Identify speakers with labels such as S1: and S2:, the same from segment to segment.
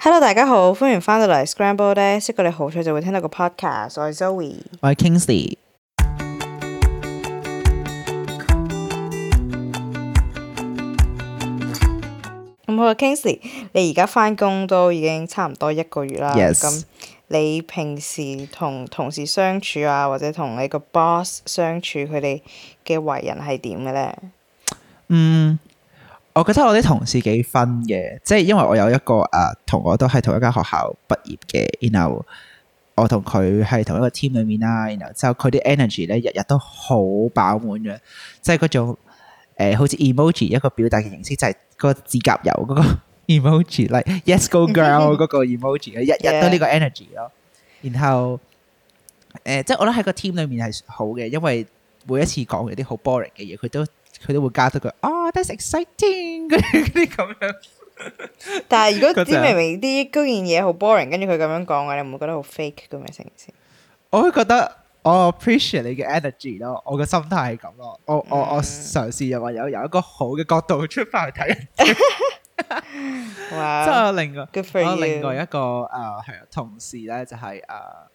S1: Hello，大家好，歡迎翻到嚟 Scrambled 咧。識過你好彩就會聽到個 podcast，我係 Zoe，
S2: 我係 Kingsley。
S1: 咁好嘅 Kingsley，你而家翻工都已經差唔多一個月啦。咁 Yes. 你平時同同事相處啊，或者同你個 boss 相處，佢哋嘅為人係點嘅咧？
S2: 嗯。我覺得我啲同事幾 fun 嘅，即係因為我有一個誒同我都係同一間學校畢業嘅，然後我同佢係同一個 team 裏面啦，然後就佢啲 energy 咧，日日都好飽滿嘅，即係嗰種誒好似 emoji 一個表達嘅形式，就係嗰個指甲油嗰個 emoji，like yes go girl 嗰個 emoji，日日都呢個 energy 咯。然後誒，即係我覺得喺個 team 裏面係好嘅，因為每一次講嗰啲好 boring 嘅嘢，佢都。佢都會加咗句，哦、oh,that's exciting，嗰啲咁樣。但係如果啲 就明明
S1: 啲居然嘢好 boring，跟住佢咁樣講嘅，你唔會覺得好 fake 嘅咩？成件事，
S2: 我會覺得我 appreciate 你嘅 energy 咯。我嘅心態係咁咯。我、嗯、我我嘗試又話有有一個好嘅角度出返去睇。即係我另
S1: 外 Good for 我另外一
S2: 個啊，係 you.、uh, 同事咧就係、是、啊。Uh,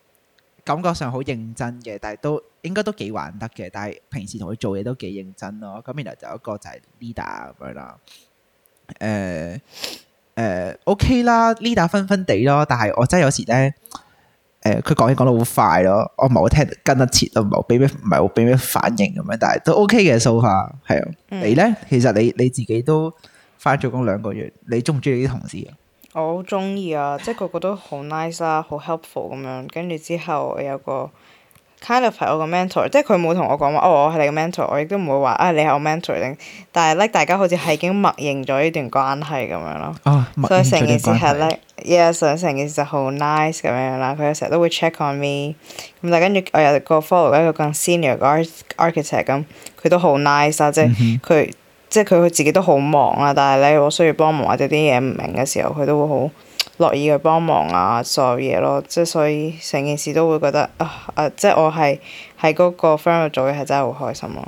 S2: 感覺上好認真嘅，但係都應該都幾玩得嘅。但係平時同佢做嘢都幾認真咯。咁然後就有一個就係 leader 咁樣、呃呃 OK、啦。誒誒，OK 啦，leader 分分地咯。但係我真係有時咧，誒、呃，佢講嘢講到好快咯，我唔係好聽，跟得切都唔係，俾咩唔係好俾咩反應咁樣。但係都 OK 嘅，蘇下，係啊。你咧，其實你你自己都翻咗工兩個月，你中唔中意啲同事啊？
S1: 我好中意啊，即係個個都好 nice 啦，好 helpful 咁樣。跟住之後我有個 kind of 係我個 mentor，即係佢冇同我講話，哦，我係你個 mentor，我亦都唔會話啊、哎、你係我 mentor 定。但係咧，大家好似係已經默認咗呢段關係咁樣咯。哦、所以成件事係咧門，yes，成件事就好 nice 咁樣啦。佢成日都會 check on me。咁但係跟住我有個 follow 一個更 senior 嘅 architect 咁，佢都好 nice 啦，即係佢。即係佢自己都好忙啊，但係咧我需要幫忙或者啲嘢唔明嘅時候，佢都會好樂意去幫忙啊，所有嘢咯。即係所以成件事都會覺得啊、呃、啊！即係我係喺嗰個 friend 度做嘢係真係好開心咯。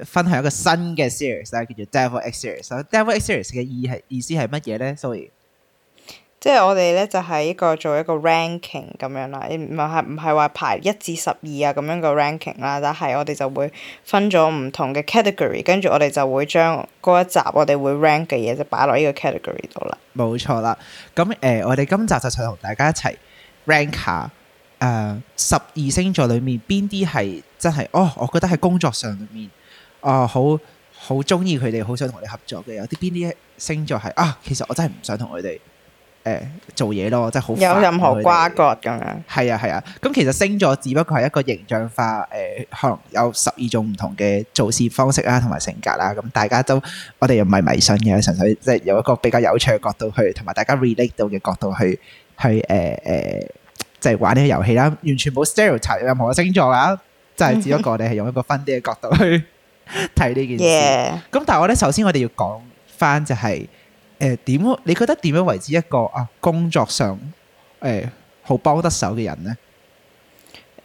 S2: 誒，分享一個新嘅 series 叫做 Deviled Egg Series《So, Deviled Egg Series》。《Deviled Egg Series》嘅意係意思係乜嘢咧？Sorry，
S1: 即係我哋咧就係一個做一個 ranking 咁樣啦，唔係唔係話排一至十二啊咁樣嘅 ranking 啦，但係我哋就會分咗唔同嘅 category，跟住我哋就會將嗰一集我哋會 rank 嘅嘢就擺落呢個 category 度啦。
S2: 冇錯啦，咁誒、呃，我哋今集就同大家一齊 rank 一下誒十二星座裏面邊啲係真係哦，我覺得喺工作上面。哦，好好中意佢哋，好想同你合作嘅。有啲邊啲星座係啊？其實我真係唔想同佢哋誒做嘢咯，真係好有任何瓜葛咁樣。係啊係啊，咁其實星座只不過係一個形象化誒，可能有十二種唔同嘅做事方式啦，同埋性格啦。咁大家都，我哋又唔係迷信嘅，純粹即係有一個比較有趣嘅角度去，同埋大家 relate 到嘅角度去去誒誒，即係玩呢個遊戲啦。完全冇 stereotype 任何嘅星座啊，就係只不過我哋係用一個 fun 啲嘅角度去睇呢件事，咁 Yeah. 但係我咧，首先我哋要講翻就係、是，誒、呃、點你覺得點樣為之一個啊工作上誒好、呃、幫得手嘅人呢？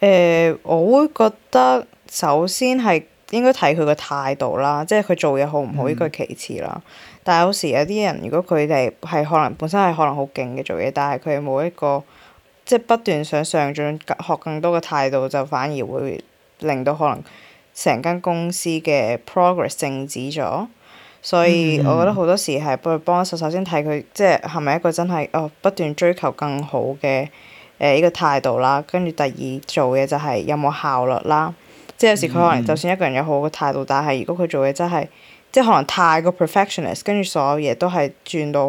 S1: 誒、呃，我會覺得首先係應該睇佢嘅態度啦，即係佢做嘢好唔好，呢、嗯、個其次啦。但係有時有啲人如果佢哋係可能本身係可能好勁嘅做嘢，但係佢冇一個即係不斷想上進、學更多嘅態度，就反而會令到可能。成間公司嘅 progress 靜止咗，所以我覺得好多時係幫幫手。首先睇佢即係係咪一個真係哦不斷追求更好嘅誒呢個態度啦，跟住第二做嘢就係有冇效率啦。即係有時佢可能就算一個人有好嘅態度，但係如果佢做嘢真係即係可能太過 perfectionist，跟住所有嘢都係轉到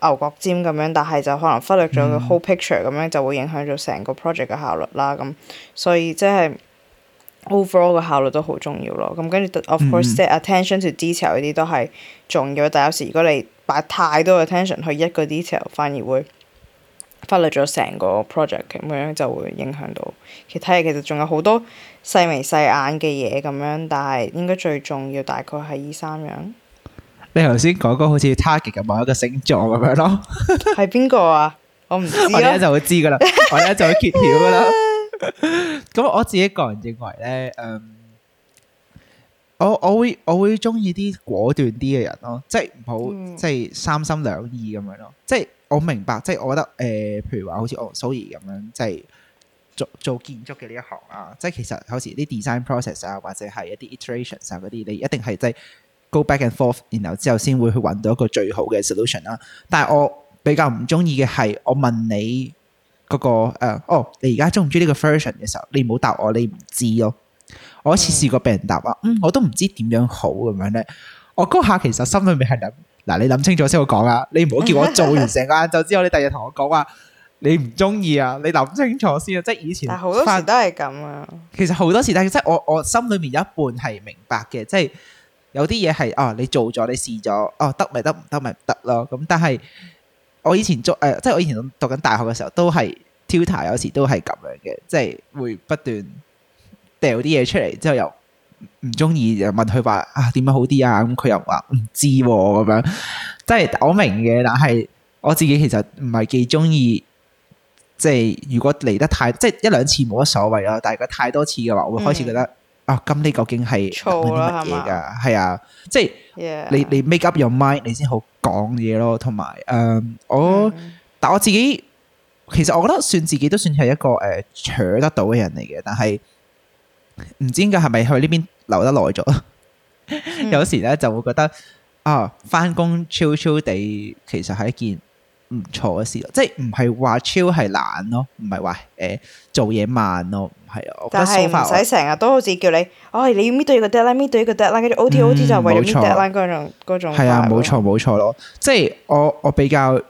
S1: 牛角尖咁樣，但係就可能忽略咗個 whole picture 咁樣，就會影響咗成個 project 嘅效率啦。咁所以即係。overall 嘅效率都好重要咯，咁跟住 of course set attention to detail 呢啲都係重要，但有時如果你擺太多 attention 去一個 detail，反而會忽略咗成個 project 咁樣就會影響到其他嘢其實仲有好多細眉細眼嘅嘢咁樣，但係應該最重要大概係依三樣。
S2: 你頭先講嗰好似 target 嘅某一個星座咁樣咯，
S1: 係邊個啊？我
S2: 唔、啊、我而家就會知噶啦，我而家就會揭曉噶啦。 咁我自己個人認為咧，嗯，我我會我會中意啲果斷啲嘅人咯，即係唔好即係三心兩意咁樣咯。即係我明白，即係我覺得誒、呃，譬如話好似我 sorry 咁樣，即係做做建築嘅呢一行啊，即係其實好似啲 design process 啊，或者係一啲 iterations 啊嗰啲，你一定係即係 go back and forth，然後之後先會去揾到一個最好嘅 solution 啦、啊。但係我比較唔中意嘅係，我問你。嗰個誒，哦，你而家中唔中意呢個 version 嘅時候，你唔好答我，你唔知咯。我一次試過俾人答啊，嗯，我都唔知點樣好咁樣咧。我嗰下其實心裏面係諗，嗱，你諗清楚先我講啊，你唔好叫我做完成個晏晝之後，你第日同我講話你唔中意啊，你諗清楚先啊。即係以前，但係好多時都係咁啊。其實好多時，但係即係我我心裏面有一半係明白嘅，即係有啲嘢係啊，你做咗，你試咗，哦，得咪得，唔得咪唔得咯。咁但係。我以前做誒、呃，即係我以前讀緊大學嘅時候，都係 tutor，有時都係咁樣嘅，即係會不斷掉啲嘢出嚟，之後又唔中意又問佢話啊點樣好啲啊，咁佢、啊、又話唔知咁、啊、樣，即係我明嘅，但係我自己其實唔係幾中意，即係如果嚟得太即係一兩次冇乜所謂啊，但係佢太多次嘅話，我會開始覺得。嗯啊，咁、哦、你究竟係講緊乜嘢噶？係啊，即係 Yeah. 你你 make up your mind，你先好講嘢咯。同埋誒，我但我自己，其實我覺得算自己都算係一個誒坐、呃、得到嘅人嚟嘅，但係唔知點解係咪去呢邊留得耐咗？ 有時咧就會覺得啊，翻工 chill chill 地，其實係一件唔錯嘅事咯，即係唔係話超係懶咯，唔係話誒做嘢慢咯，係咯。但係唔使
S1: 成日都好似叫你，哎、哦，你面對一個 deadline，面對一個 deadline，跟住 O T O T 就為了 deadline 嗰種嗰種。係、嗯、種啊，
S2: 冇錯冇錯咯，即係、就是、我我比較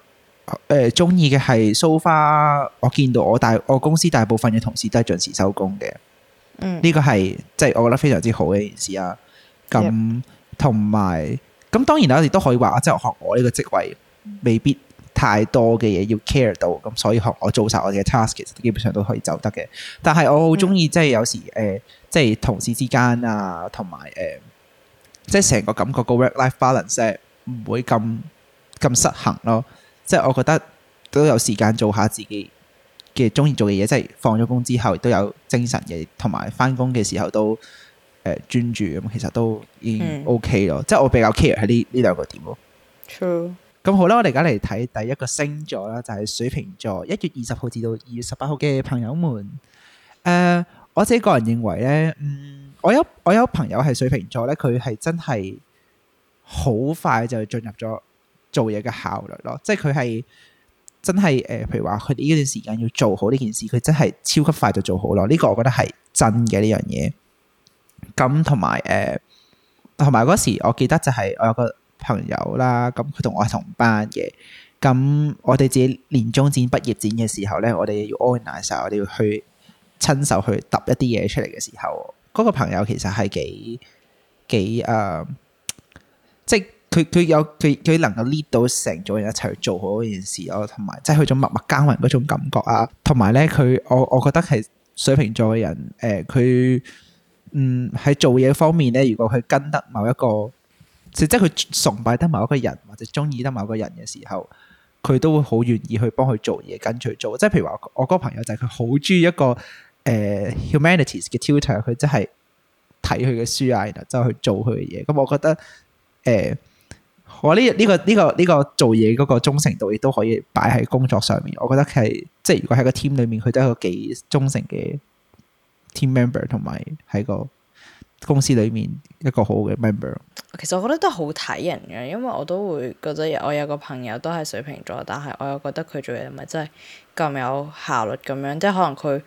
S2: 誒中意嘅係 so far，我見到我大我公司大部分嘅同事都係準時收工嘅，呢、嗯、個係即係我覺得非常之好嘅一件事啊。咁同埋咁當然啦，我哋都可以話即係學我呢個職位未必、嗯。太多嘅嘢要 care 到，咁所以學我做晒我嘅 task，其實基本上都可以走得嘅。但係我好中意即係有時誒、呃，即係同事之間啊，同埋誒，即係成個感覺個 work-life balance 唔會咁咁失衡咯。即係我覺得都有時間做下自己嘅中意做嘅嘢，即係放咗工之後都有精神嘅，同埋翻工嘅時候都誒專、呃、注咁，其實都已經 OK 咯。嗯、即係我比較 care 喺呢呢兩個點咯。True。咁好啦，我哋而家嚟睇第一個星座啦，就係、是、水瓶座，一月二十號至到二月十八號嘅朋友們。誒、呃，我自己個人認為呢，嗯，我有我有朋友係水瓶座呢，佢係真係好快就進入咗做嘢嘅效率咯，即係佢係真係誒、呃，譬如話佢呢段時間要做好呢件事，佢真係超級快就做好咯。呢、這個我覺得係真嘅呢樣嘢。咁同埋誒，同埋嗰時我記得就係我有個。朋友啦，咁佢同我係同班嘅，咁我哋自己年終展、畢業展嘅時候咧，我哋要 organize 晒，我哋要去親手去揼一啲嘢出嚟嘅時候，嗰、那個朋友其實係幾幾誒，即係佢佢有佢佢能夠 lead 到成組人一齊去做好嗰件事咯，同埋即係佢種默默耕耘嗰種感覺啊，同埋咧佢我我覺得係水瓶座嘅人，誒、呃、佢嗯喺做嘢方面咧，如果佢跟得某一個。即係佢崇拜得某一個人，或者中意得某個人嘅時候，佢都會好願意去幫佢做嘢，跟隨做。即係譬如話，我嗰個朋友就係佢好中意一個誒、呃、humanities 嘅 tutor，佢真係睇佢嘅書啊，然後就去做佢嘅嘢。咁、嗯、我覺得誒、呃，我呢呢、這個呢、這個呢、這個這個做嘢嗰個忠誠度亦都可以擺喺工作上面。我覺得佢係即係如果喺個 team 裏面，佢都係一個幾忠誠嘅 team member，同埋喺個，公司裏面一個好嘅 member，
S1: 其實我覺得都好睇人嘅，因為我都會覺得我有個朋友都係水瓶座，但係我又覺得佢做嘢唔係真係咁有效率咁樣，即係可能佢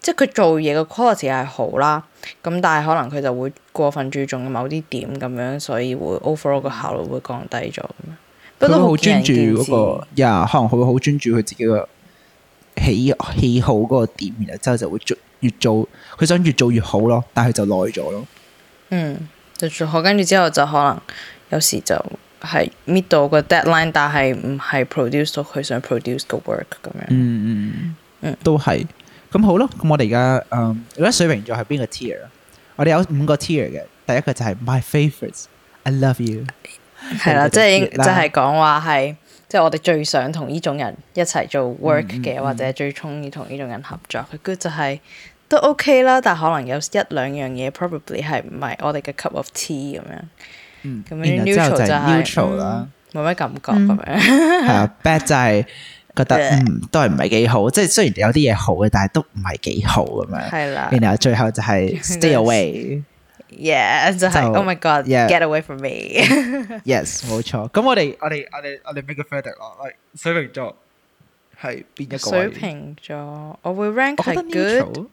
S1: 即係佢做嘢嘅 quality 係好啦，咁但係可能佢就會過分注重某啲點咁樣，所以會 overall 個效率會降低咗。不過
S2: 佢都好專注嗰、那個，呀事，yeah, 可能佢會好專注佢自己嘅喜喜好嗰個點，然之後就會做越做佢想越做越好咯，但係就耐咗咯。嗯，
S1: 就做好，跟住之後就可能有時就係搣到個 deadline，但係唔係
S2: produce 到佢想 produce 個 work 咁樣。嗯嗯嗯，嗯都係咁好咯。咁我哋而家，嗯，而家水瓶座係邊個 tier 啊？我哋有五個 tier 嘅，第一個就係 my favourites，I love you、嗯。係啦，即係即係
S1: 講話係，即係我哋最想同呢種人一齊做 work 嘅，嗯嗯嗯、或者最中意同呢種人合作佢嘅。佢就係。都 OK 啦，但可能有一兩樣嘢，probably 係唔係我哋嘅 cup of tea 咁樣。嗯，咁然後就係 neutral 啦，冇咩感覺咁樣。
S2: 係啊，bad 就係覺得嗯都係唔係幾好，即係雖然有啲嘢好嘅，但係都唔係幾好咁樣。係啦，然後最後就係 stay away。Yeah，就係 oh my god，get away from me。Yes，冇錯。咁我哋我哋我哋我哋 move further 啦。水瓶座係邊一個？水瓶座
S1: 我會 rank 好得 neutral。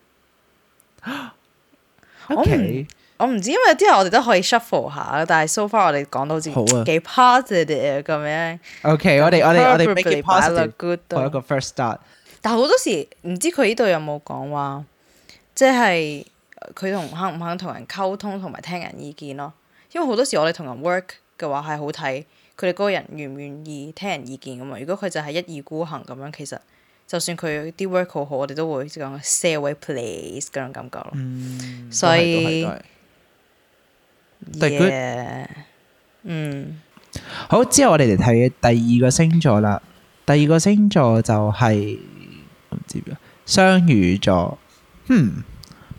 S2: Okay.
S1: 我唔知，因為有啲人我哋都可以 shuffle 下，但係 so far 我哋講到自己幾 positive 嘅啲咁樣。
S2: OK，我哋我哋我哋擺一個 good，做一個 first start。
S1: 但係好多時唔知佢呢度有冇講話，即係佢同肯唔肯同人溝通，同埋聽人意見咯。因為好多時我哋同人 work 嘅話係好睇佢哋嗰個人願唔願意聽人意見咁啊。如果佢就係一意孤行咁樣，其實。就算佢啲 work 好好，我哋都會即講 s a l l way please 嗰種感覺咯。嗯、
S2: 所以，但嗯，好之後我哋嚟睇嘅第二個星座啦。第二個星座就係、是、唔知雙魚座，嗯，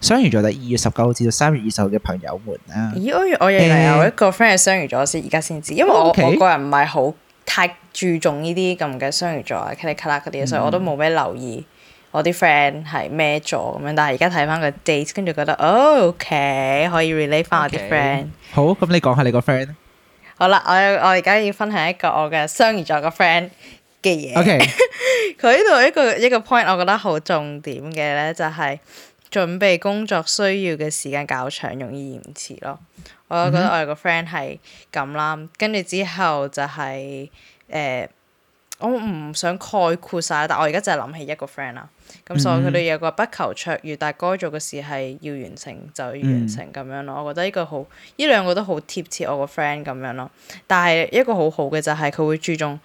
S2: 雙魚座，第二月十九號至到三月二十號嘅朋友們啊。咦？我、嗯、我原來有一
S1: 個 friend 係雙魚座先，而家先知，因為我 Okay. 我個人唔係好太。注重呢啲咁嘅雙魚座啊，卡哩卡啦嗰啲，所以我都冇咩留意我啲 friend 係咩座咁樣。但係而家睇翻個 date，跟住覺得哦，OK 可以 relate 翻我啲 friend。
S2: Okay. 好，咁你講下你個 friend。
S1: 好啦，我我而家要分享一個我嘅雙魚座個 friend 嘅嘢。O.K. 佢呢度一個一個 point，我覺得好重點嘅咧，就係準備工作需要嘅時間較長，容易延遲咯。我覺得我有個 friend 係咁啦，嗯、跟住之後就係、是。誒、呃，我唔想概括晒，但我而家就係諗起一個 friend 啦。咁所以佢哋有個不求卓越，但該做嘅事係要完成就要完成咁、嗯、樣咯。我覺得呢個好，呢兩個都好貼切我個 friend 咁樣咯。但係一個好好嘅就係佢會注重誒、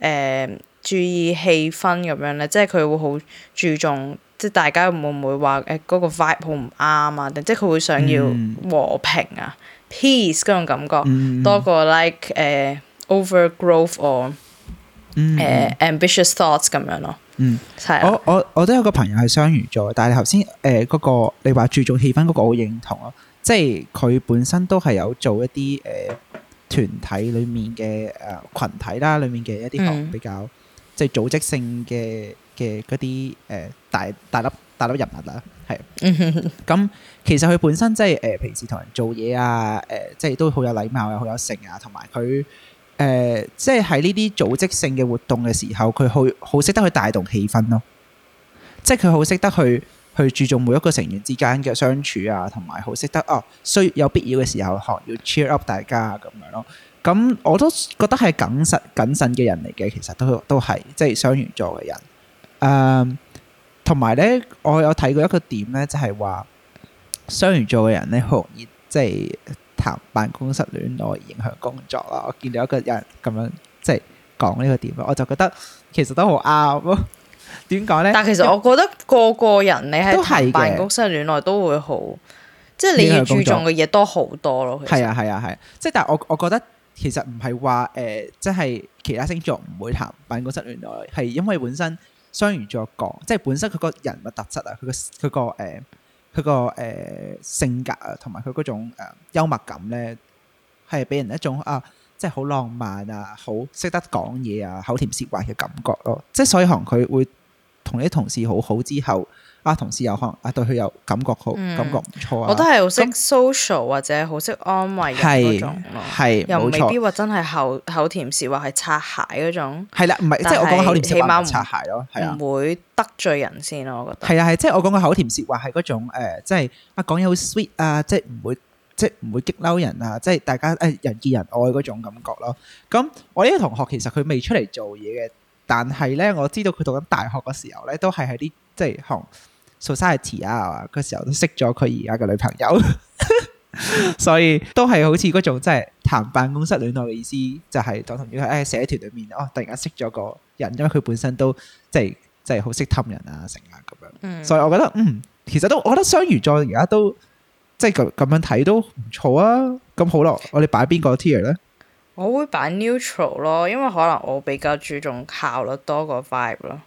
S1: 呃、注意氣氛咁樣咧，即係佢會好注重即係大家會唔會話誒嗰個 vibe 好唔啱啊？定即係佢會想要和平啊、嗯、peace 嗰種感覺、嗯嗯、多過 like 誒、呃。Overgrowth or、嗯呃、ambitious thoughts 咁樣咯，嗯，
S2: 係的。我我我都有個朋友係雙魚座，但係頭先誒嗰個你話注重氣氛嗰個我好認同咯，即係佢本身都係有做一啲誒、呃、團體裡面嘅誒羣體啦，裡面嘅一啲、嗯、比較即係組織性嘅嘅嗰啲誒大大粒大粒人物啦，係。咁 其實佢本身即係誒平時同人做嘢啊，誒、呃、即係都好有禮貌啊，好有性啊，同埋佢。誒、呃，即係喺呢啲組織性嘅活動嘅時候，佢好好識得去帶動氣氛咯。即係佢好識得去去注重每一個成員之間嘅相處啊，同埋好識得哦，需有必要嘅時候學、哦、要 cheer up 大家咁樣咯。咁我都覺得係謹慎謹慎嘅人嚟嘅，其實都都係即係雙魚座嘅人。誒、呃，同埋咧，我有睇過一個點咧，就係話雙魚座嘅人咧，好容易即係。談辦公室戀愛影響工作啦，我見到一個人咁樣即係講呢個點，我就覺得其實都好啱咯。點講呢？但係其實我覺
S1: 得個個人你喺談辦公
S2: 室戀愛都會好，即係你要注重嘅嘢都好多咯。係啊係啊係，即係但係我我覺得其實唔係話誒，即係其他星座唔會談辦公室戀愛，係因為本身雙魚座講，即係本身佢個人物特質啊，佢個佢個誒。佢個誒性格啊，同埋佢嗰種、呃、幽默感咧，係俾人一種啊，即係好浪漫啊，好識得講嘢啊，口甜舌滑嘅感覺咯。即係所以可能佢會同啲同事好好之後。啊，同事又可能啊，對佢有感覺好，感覺唔錯、嗯、啊！我都係
S1: 好識 social 或者好識安慰嘅嗰種係又未必話真係口口甜舌滑係擦鞋嗰種。係啦，唔係即係我講口甜舌滑唔擦鞋咯，係不啊，唔會不得罪人先咯，我覺得係
S2: 啊係，即係我講個口甜舌滑係嗰種即係啊講嘢好 sweet 啊，即係唔會即係唔會激嬲人啊，即係大、呃呃呃、家誒人見人愛嗰種感覺咯。咁我呢個同學其實佢未出嚟做嘢嘅，但係咧我知道佢讀緊大學嘅時候咧，都係喺啲即係同。society 啊，嗰時候都識咗佢而家嘅女朋友， 所以都係好似嗰種即係談辦公室戀愛嘅意思，就係、是、當同佢喺社團裏面哦，突然間識咗個人，因為佢本身都即係即係好識氹人啊成啊咁樣。嗯、所以我覺得嗯，其實都我覺得雙魚座而家都即係咁咁樣睇都唔錯啊。咁好咯，我哋擺邊個 tier 咧？
S1: 我會擺 neutral 咯，因為可能我比較注重效率多過 vibe 咯。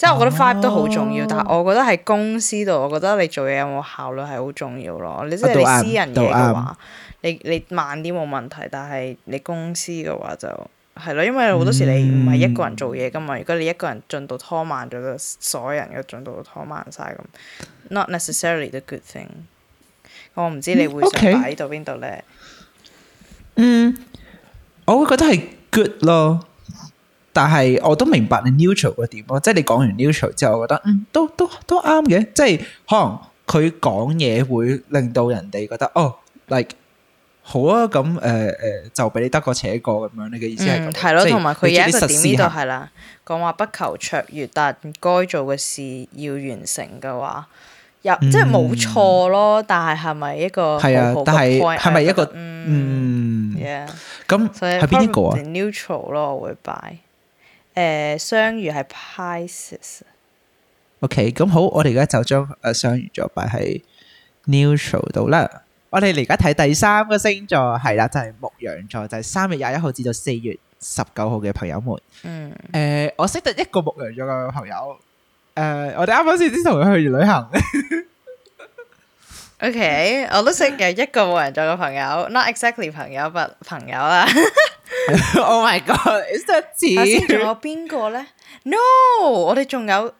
S1: 即係我覺得 five 都好重要，oh. 但係我覺得喺公司度，我覺得你做嘢有冇效率係好重要咯。你、oh, 即係你私人嘢嘅話，oh, oh, oh, oh. 你你慢啲冇問題，但係你公司嘅話就係咯，因為好多時你唔係一個人做嘢㗎嘛。Mm. 如果你一個人進度拖慢咗，就所有人嘅進度都拖慢晒。咁。Not necessarily the good thing。我唔知你會想擺到邊度咧？嗯
S2: ，okay. mm. 我會覺得係 good 咯。但係我都明白你 neutral 嘅點咯，即係你講完 neutral 之後，我覺得嗯都都都啱嘅，即係可能佢講嘢會令到人哋覺得哦，like 好啊，咁誒誒就俾你得過且過咁樣，你嘅意思係咁？係咯，同埋佢有一個點呢？就係
S1: 啦，講話不求卓越，但該做嘅事要完成嘅話，又即係冇錯咯。嗯、但係係咪一個？係啊、嗯，但係係咪一
S2: 個？嗯咁係邊一個啊
S1: ？neutral 咯，我會擺。誒，
S2: 雙魚係 Pisces。OK，咁好，我哋而家就將誒雙魚座擺喺 Neutral 度啦。我哋嚟，而家睇第三個星座，係啦，就係牧羊座，就係三月廿一號至到四月十九號嘅朋友們。嗯。誒，我識得一個牧羊座嘅朋友。誒，我哋啱啱先先同佢去旅行。OK，我都識嘅一個牧羊座嘅朋友，Not exactly 朋
S1: 友，but 朋友啦。Oh my god！真係黐下先仲有邊個咧？No， 我哋仲有。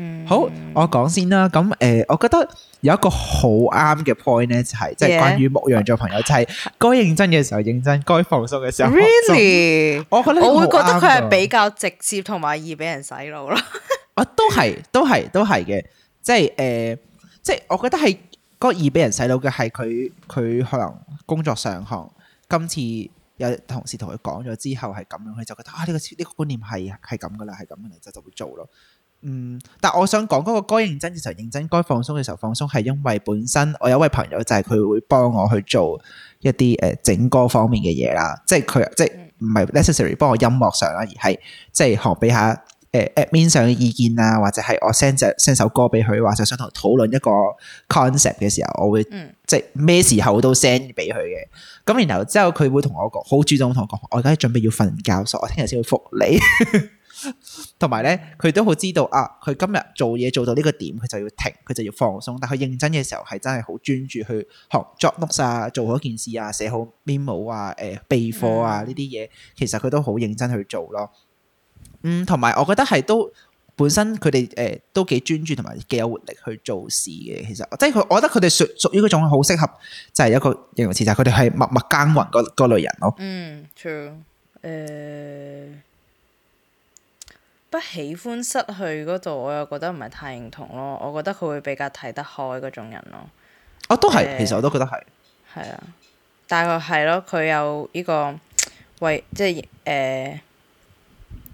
S1: 嗯、
S2: 好，我講先啦。咁誒、呃，我覺得有一個好啱嘅 point 咧，Yeah. 就係即係關於牧羊做朋友，就係、是、該認真嘅時候認真，該放鬆嘅時候。Really，我我我會覺得佢係比
S1: 較直接同埋易俾人洗腦咯。
S2: 我都係，都係，都係嘅。即係誒、呃，即係我覺得係嗰、那個、易俾人洗腦嘅係佢，佢可能工作上行今次。有同事同佢講咗之後，係咁樣，佢就覺得啊，呢、這個呢、這個觀念係係咁噶啦，係咁嘅啦，就就會做咯。嗯，但我想講嗰個該認真嘅時候認真，該放鬆嘅時候放鬆，係因為本身我有一位朋友就係、是、佢會幫我去做一啲誒、呃、整歌方面嘅嘢啦，即係佢即係唔係 necessary 幫我音樂上啦，而係即係學俾下。誒，App 上嘅意見啊，或者係我 send 只 send 首歌俾佢，或者想同佢討論一個 concept 嘅時候，我會、嗯、即係咩時候都 send 俾佢嘅。咁然後之後佢會同我講，好主動同我講，我而家準備要瞓覺，所以我聽日先會覆你。同埋咧，佢都好知道啊，佢今日做嘢做到呢個點，佢就要停，佢就要放鬆。但佢認真嘅時候，係真係好專注去學 job 啊，做好件事啊，寫好 memo 啊，誒、呃、備課啊呢啲嘢，其實佢都好認真去做咯。嗯，同埋我覺得係都本身佢哋誒都幾專注同埋幾有活力去做事嘅，其實即係佢，我覺得佢哋屬屬於嗰種好適合，就係一個形容詞就係佢哋係默默耕耘嗰類人咯。
S1: 嗯、true、呃、不喜歡失去嗰度，我又覺得唔係太認同咯。我覺得佢會比較睇得開嗰種人咯。
S2: 哦、啊，都係，其實我都覺得係。係啊、
S1: 呃，大概係咯。佢有呢、呢個為即係誒。呃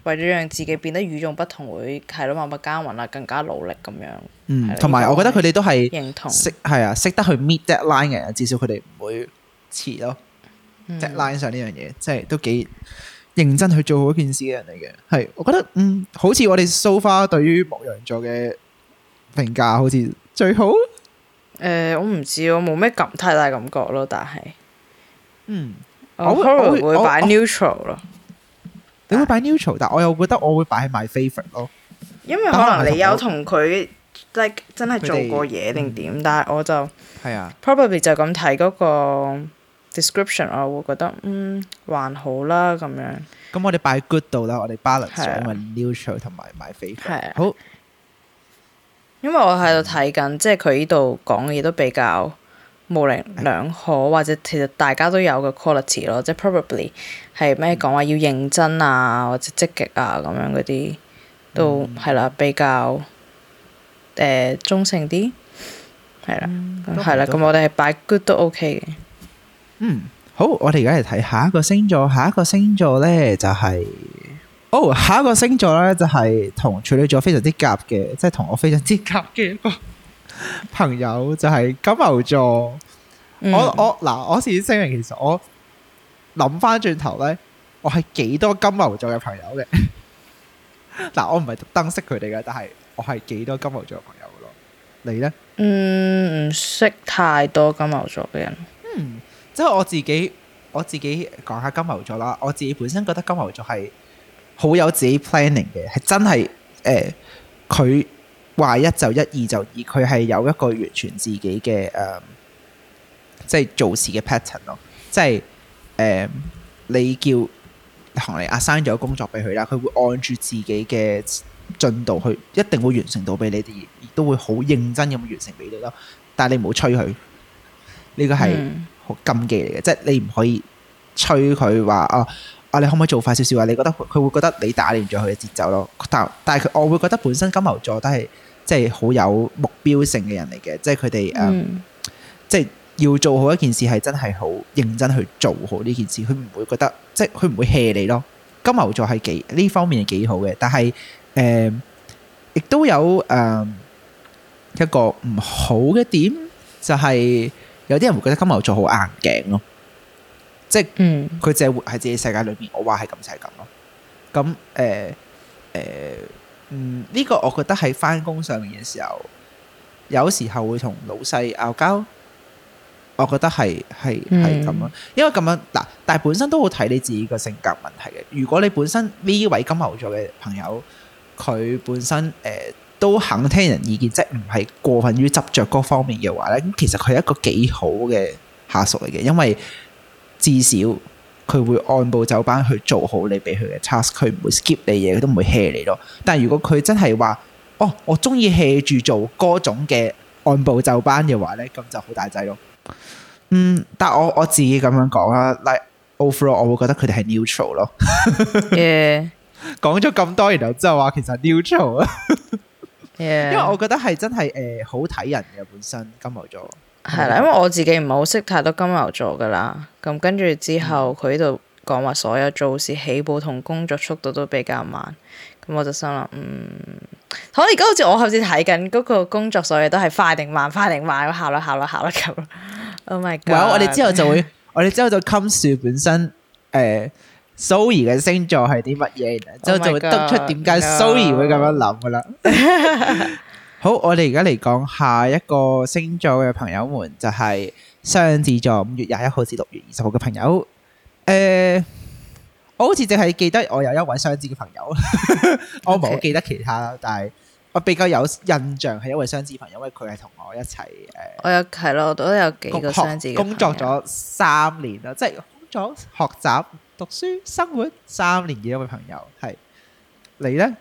S1: 為咗讓自己變得與眾不同，會係咯，物物兼混啦，更加努力咁樣。
S2: 嗯，同埋的我覺得佢哋都係認同識，係啊，識得去 meet that line 嘅，至少佢哋唔會遲咯。嗯、that line 上呢樣嘢，即係都幾認真去做好一件事嘅人嚟嘅。係，我覺得嗯，好似我哋 s o 蘇花對於牧羊座嘅評價，好似最
S1: 好。誒、呃，我唔知，我冇咩咁太大感覺咯，但係，
S2: 嗯，我可能會擺 neutral 咯。會你會擺 neutral，但我又覺得我會擺喺 my favorite 咯，
S1: 因為可能你有同佢，即係、 like, 真係做過嘢定點，嗯、但係我就係啊，probably 就咁睇嗰個 description，我會覺得嗯還好啦咁樣。
S2: 咁我哋擺 good 度啦，我哋 balance 咗、啊、因為 neutral 同埋 my favorite 係啊，好。
S1: 因為我喺度睇緊，即係佢呢度講嘅嘢都比較，模棱兩可，或者其實大家都有嘅 quality 咯，即係 probably 係咩講話要認真啊，或者積極啊咁樣嗰啲，都係、嗯、啦，比較誒、呃、忠誠啲，係啦，係、嗯、啦，咁我哋係擺 good 都 OK 嘅。嗯，
S2: 好，我哋而家嚟睇下一個星座，下一個星座咧就係、是，哦，下一個星座咧就係、是、同處女座非常之夾嘅，即係同我非常之夾嘅。朋友就係金牛座，嗯、我我嗱，我，我事先聲明，其實我諗翻轉頭咧，我係幾多金牛座嘅朋友嘅。嗱， 我唔係特登識佢哋嘅，但係我係幾多金牛座嘅朋友咯。你呢？唔、嗯、識太多金牛座嘅人。嗯，即係我自己，我自己講下金牛座啦。我自己本身覺得金牛座係好有自己 planning 嘅，係真係佢。呃話一就一，二就二，佢係有一個完全自己嘅誒、呃，即係做事嘅 pattern 咯。即係誒，你叫行嚟 assign 咗工作俾佢啦，佢會按住自己嘅進度去，一定會完成到俾你哋，亦都會好認真咁完成俾你咯。但係你唔好催佢，呢、這個係好禁忌嚟嘅，嗯、即係你唔可以催佢話啊啊，你可唔可以做快少少啊？你覺得佢會覺得你打亂咗佢嘅節奏咯。但但係佢，我會覺得本身金牛座都係。即係好有目標性嘅人嚟嘅，即係佢哋誒，即係要做好一件事係真係好認真去做好呢件事，佢唔會覺得即係佢唔會 hea 你咯。金牛座係幾呢方面係幾好嘅，但係誒亦都有誒一個唔好嘅點，就係有啲人會覺得金牛座好硬頸咯，即係嗯，佢淨係活喺自己世界裏面，我話係咁就係咁咯。咁誒誒。呢、嗯呢個我覺得喺翻工上面嘅時候，有時候會同老細拗交，我覺得係係係咁樣，因為咁樣嗱，但係本身都好睇你自己嘅性格問題嘅。如果你本身呢位金牛座嘅朋友，佢本身誒、呃、都肯聽人意見，即係唔係過分於執着嗰方面嘅話咧，咁其實佢係一個幾好嘅下屬嚟嘅，因為至少。佢會按部就班去做好你俾佢嘅 task，佢唔會 skip 你嘢，佢都唔會 hea 你咯。但係如果佢真係話，哦，我中意 hea 住做各種嘅按部就班嘅話咧，咁就好大劑咯。嗯，但係我我自己咁樣講啦，like overall，我會覺得佢哋係 neutral 咯。講咗咁多，然後之後話其實 neutral 啊， Yeah. 因為我覺得係真係誒、呃，好睇人嘅本身金牛座。
S1: 係啦，因為我自己唔係好識太多金牛座噶啦，咁跟住之後佢呢度講話所有做事起步同工作速度都比較慢，咁、嗯、我就心諗，嗯，好，而家好似我好似睇緊嗰個工作所有都係快定慢，快定慢，我考啦考啦考啦咁。Oh my God 我哋之, 之後就會，
S2: 我哋之後就 come to 本身，誒，Zoe 嘅星座係啲乜嘢，就就會得出點解 Zoe 會咁樣諗噶啦。好，我哋而家嚟講下一個星座嘅朋友們，就係雙子座，五月廿一號至六月二十號嘅朋友。誒，我好似淨係記得我有一位雙子嘅朋友，我唔記得其他啦，但係我比較有印象係一位雙子朋友，因為佢係同我一齊誒，我有係咯，我都有幾個雙子，工作咗三年啦，即係工作、學習、讀書、生活三年嘅一位朋友。係你
S1: 呢？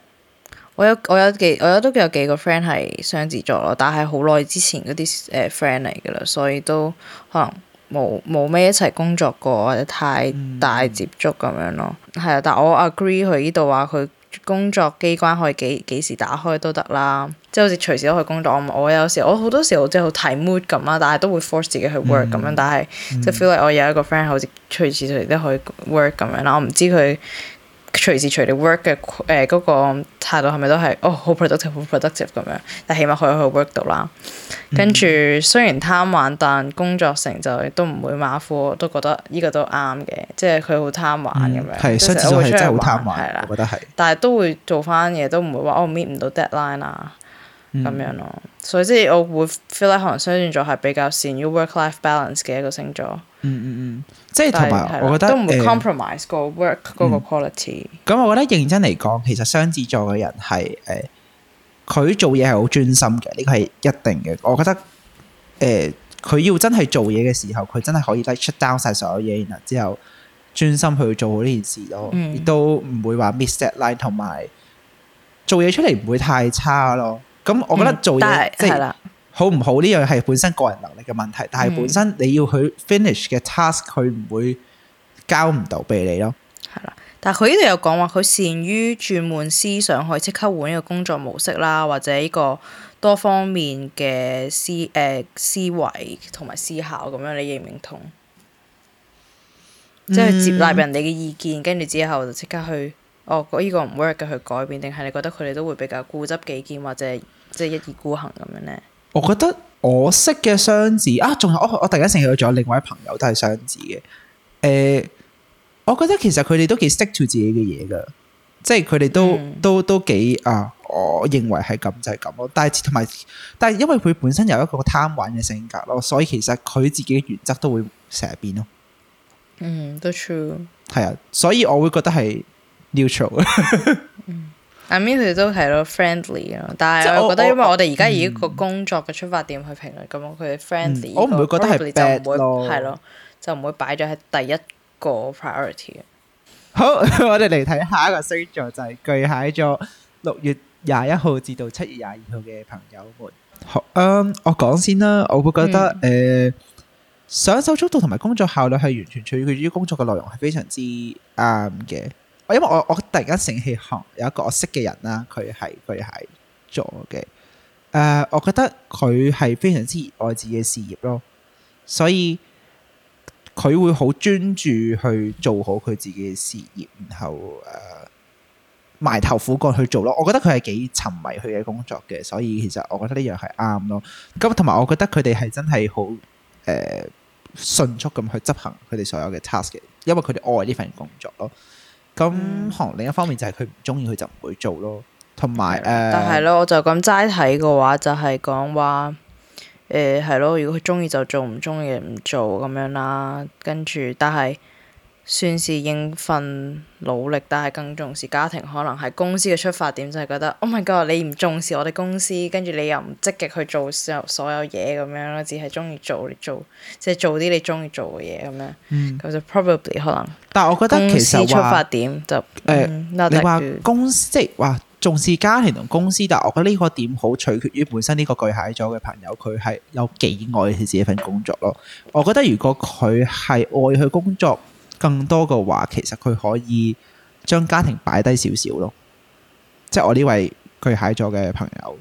S1: 我有我有幾我有都幾有幾個 friend 係雙子座咯，但係好耐之前嗰啲誒 friend 嚟㗎啦，所以都可能冇冇咩一齊工作過或者太大接觸咁樣咯。係啊、嗯，但係我 agree 佢呢度話佢工作機關可以幾幾時打開都得啦，即係好似隨時都可以工作。我有時我好多時好似好睇 mood 咁啦，但係都會 force 自己去 work 咁樣，嗯、但係即係 feel 嚟、like、我有一個 friend 好似隨時隨時都可以 work 咁樣啦，我唔知佢。隨時隨地 work 嘅誒嗰個態度係咪都係 哦，好 productive 好 productive 咁樣？但起碼可以去 work 到啦。嗯、跟住雖然貪玩，但工作成就都唔會馬虎，都覺得呢個都啱嘅。即係佢好貪玩咁樣，成日、嗯、會出去
S2: 玩。係啦，我覺得係。
S1: 但係都會做翻嘢，都唔會話哦 meet 唔到 deadline 啊。咁樣咯，嗯、所以即係我會 feel 可能 k 雙子座係比較善於 work-life balance 嘅一個星座。嗯嗯嗯，
S2: 即係同埋我覺得啦都唔會
S1: compromise 個 work 嗰、嗯、個 quality、嗯。
S2: 咁我覺得認真嚟講，其實雙子座嘅人係誒，佢、呃、做嘢係好專心嘅，呢個係一定嘅。我覺得誒，佢、呃、要真係做嘢嘅時候，佢真係可以 like shut down 晒所有嘢，然後之後專心去做好呢件事咯，亦、嗯、都唔會話 miss deadline 同埋做嘢出嚟唔會太差咯。咁、嗯、我覺得做嘢是即係的好唔好呢樣係本身個人能力嘅問題，嗯、但係本身你要去 finish 嘅 task，佢唔會交唔到俾你咯。係
S1: 啦，但係佢呢度有講話佢擅於轉換思想，去即刻換一個工作模式啦，或者呢個多方面嘅思誒、呃、思維同埋思考咁樣，你認唔認同？嗯、即係接納人哋嘅意見，跟住之後就即刻去。哦，呢、這、依個唔 work 嘅去改變，定係你覺得佢哋都會比較固執己見，或者即係一意孤行咁樣呢？
S2: 我覺得我識嘅雙子啊，仲有我我突然間醒起，仲有另外一朋友都係雙子嘅。誒、啊，我覺得其實佢哋都幾 stick to 自己嘅嘢噶，即係佢哋都都都幾啊，我認為係咁就係咁咯。但係同埋但係因為佢本身有一個貪玩嘅性格咯，所以其實佢自己嘅原則都會成日變咯。嗯，
S1: 都 true。
S2: 係啊，所以我會覺得係。neutral，
S1: 嗯，I mean 佢哋都係咯 friendly 咯，但係我覺得因為我哋而家以一個工作嘅出發點去評論咁，佢哋 friendly，我唔會覺得係弱咯，係咯，就唔會擺咗喺第一個 priority 嘅。
S2: 好，我哋嚟睇下一個星座就係巨蟹座，六月廿一號至到七月廿二號嘅朋友們。好，嗯，我講先啦，我會覺得誒，上手速度同埋工作效率係完全取決於工作嘅內容，係非常之啱嘅。因為我我突然間醒起，學有一個我識嘅人啦，佢係佢係做嘅，誒、呃，我覺得佢係非常之愛自己嘅事業咯，所以佢會好專注去做好佢自己嘅事業，然後誒、呃、埋頭苦幹去做咯。我覺得佢係幾沉迷佢嘅工作嘅，所以其實我覺得呢樣係啱咯。咁同埋我覺得佢哋係真係好誒迅速咁去執行佢哋所有嘅 task 嘅，因為佢哋愛呢份工作咯。咁可能另一方面就係佢唔中意佢就唔會做咯，同埋誒，uh, 但係
S1: 咯，我就咁齋睇嘅話就係講話誒係咯，如果佢中意就做，唔中意唔做咁樣啦。跟住但係算是應份努力，但係更重視家庭，可能係公司嘅出發點就係覺得，oh my god，你唔重視我哋公司，跟住你又唔積極去做所有嘢咁樣咯，只係中意做你做，即係做啲你中意做嘅嘢咁樣。嗯，咁就 probably 可能。但係我覺得其實話，誒、
S2: 呃，你話公司話、即係、重視家庭同公司，但係我覺得呢個點好取決於本身呢個巨蟹座嘅朋友佢係有幾愛佢自己份工作咯。我覺得如果佢係愛佢工作更多嘅話，其實佢可以將家庭擺低少少咯。即係我呢位巨蟹座嘅朋友，